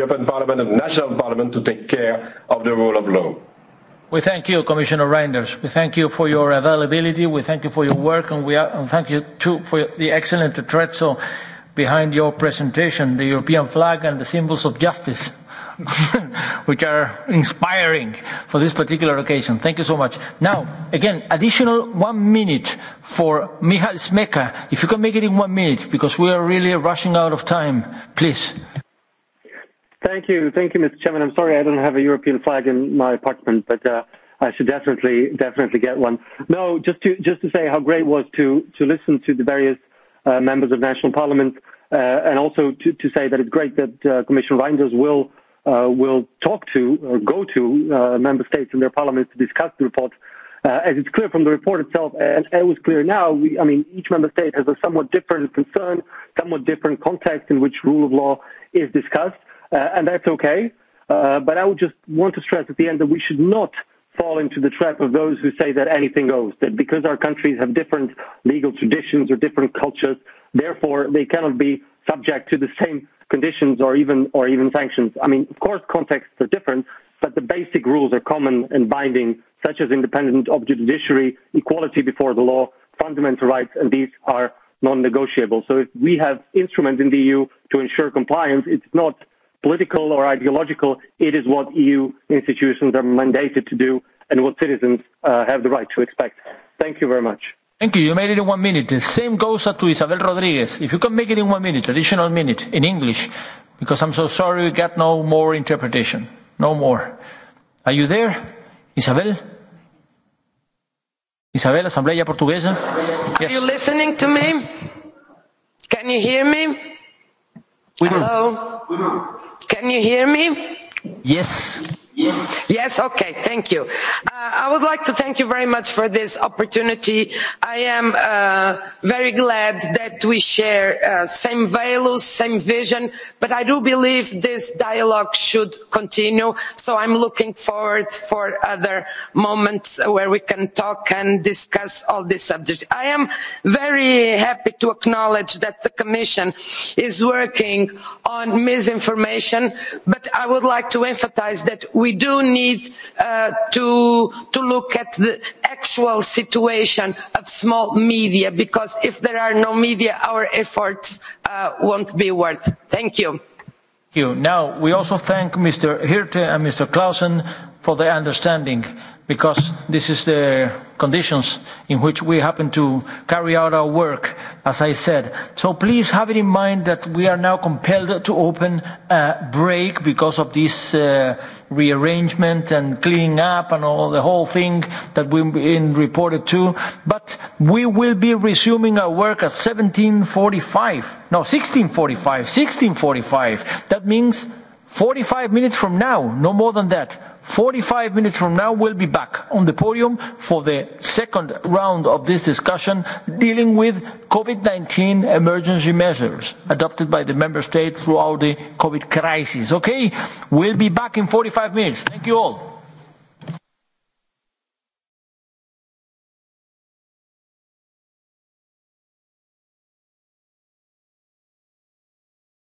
European Parliament and National Parliament to take care of the rule of law. We thank you, Commissioner Reinders. We thank you for your availability. We thank you for your work, and we are, and thank you too for the excellent threat. So behind your presentation, the European flag and the symbols of justice, which are inspiring for this particular occasion. Thank you so much. Now, again, additional one minute for Michal Smeka. If you can make it in one minute, because we are really rushing out of time, please. Thank you. Thank you, Mr. Chairman. I'm sorry I don't have a European flag in my apartment, but uh, I should definitely, definitely get one. No, just to, just to say how great it was to, to listen to the various Uh, members of national parliament, uh, and also to, to say that it's great that uh, Commissioner Reinders will uh, will talk to or go to uh, member states and their parliaments to discuss the report. Uh, as it's clear from the report itself, and it was clear now, we, I mean, each member state has a somewhat different concern, somewhat different context in which rule of law is discussed, uh, and that's okay. Uh, but I would just want to stress at the end that we should not uh, fall into the trap of those who say that anything goes, that because our countries have different legal traditions or different cultures, therefore they cannot be subject to the same conditions or even or even sanctions. I mean, of course, contexts are different, but the basic rules are common and binding, such as independent of judiciary, equality before the law, fundamental rights, and these are non-negotiable. So if we have instruments in the EU to ensure compliance, it's not political or ideological. It is what EU institutions are mandated to do and what citizens uh, have the right to expect. Thank you very much. Thank you. You made it in one minute. The same goes to Isabel Rodriguez. If you can make it in one minute, additional minute in English, because I'm so sorry we got no more interpretation. No more. Are you there, Isabel? Isabel, Asamblea Portuguesa? Yes. Are you listening to me? Can you hear me? We Hello? Do. We do. Can you hear me? Yes. Yes. Yes. Okay. Thank you. Uh, I would like to thank you very much for this opportunity. I am uh, very glad that we share uh, same values, same vision, but I do believe this dialogue should continue. So I'm looking forward for other moments where we can talk and discuss all these subjects. I am very happy to acknowledge that the Commission is working on misinformation, but I would like to emphasize that we we do need uh, to, to look at the actual situation of small media because if there are no media our efforts uh, won't be worth. Thank you. Thank you. Now we also thank Mr. Hirte and Mr. Clausen for their understanding because this is the conditions in which we happen to carry out our work, as I said. So please have it in mind that we are now compelled to open a break because of this uh, rearrangement and cleaning up and all the whole thing that we've been reported to. But we will be resuming our work at 17.45, no, 16.45, 16.45. That means 45 minutes from now, no more than that. 45 minutes from now, we'll be back on the podium for the second round of this discussion dealing with COVID-19 emergency measures adopted by the member states throughout the COVID crisis. Okay? We'll be back in 45 minutes. Thank you all.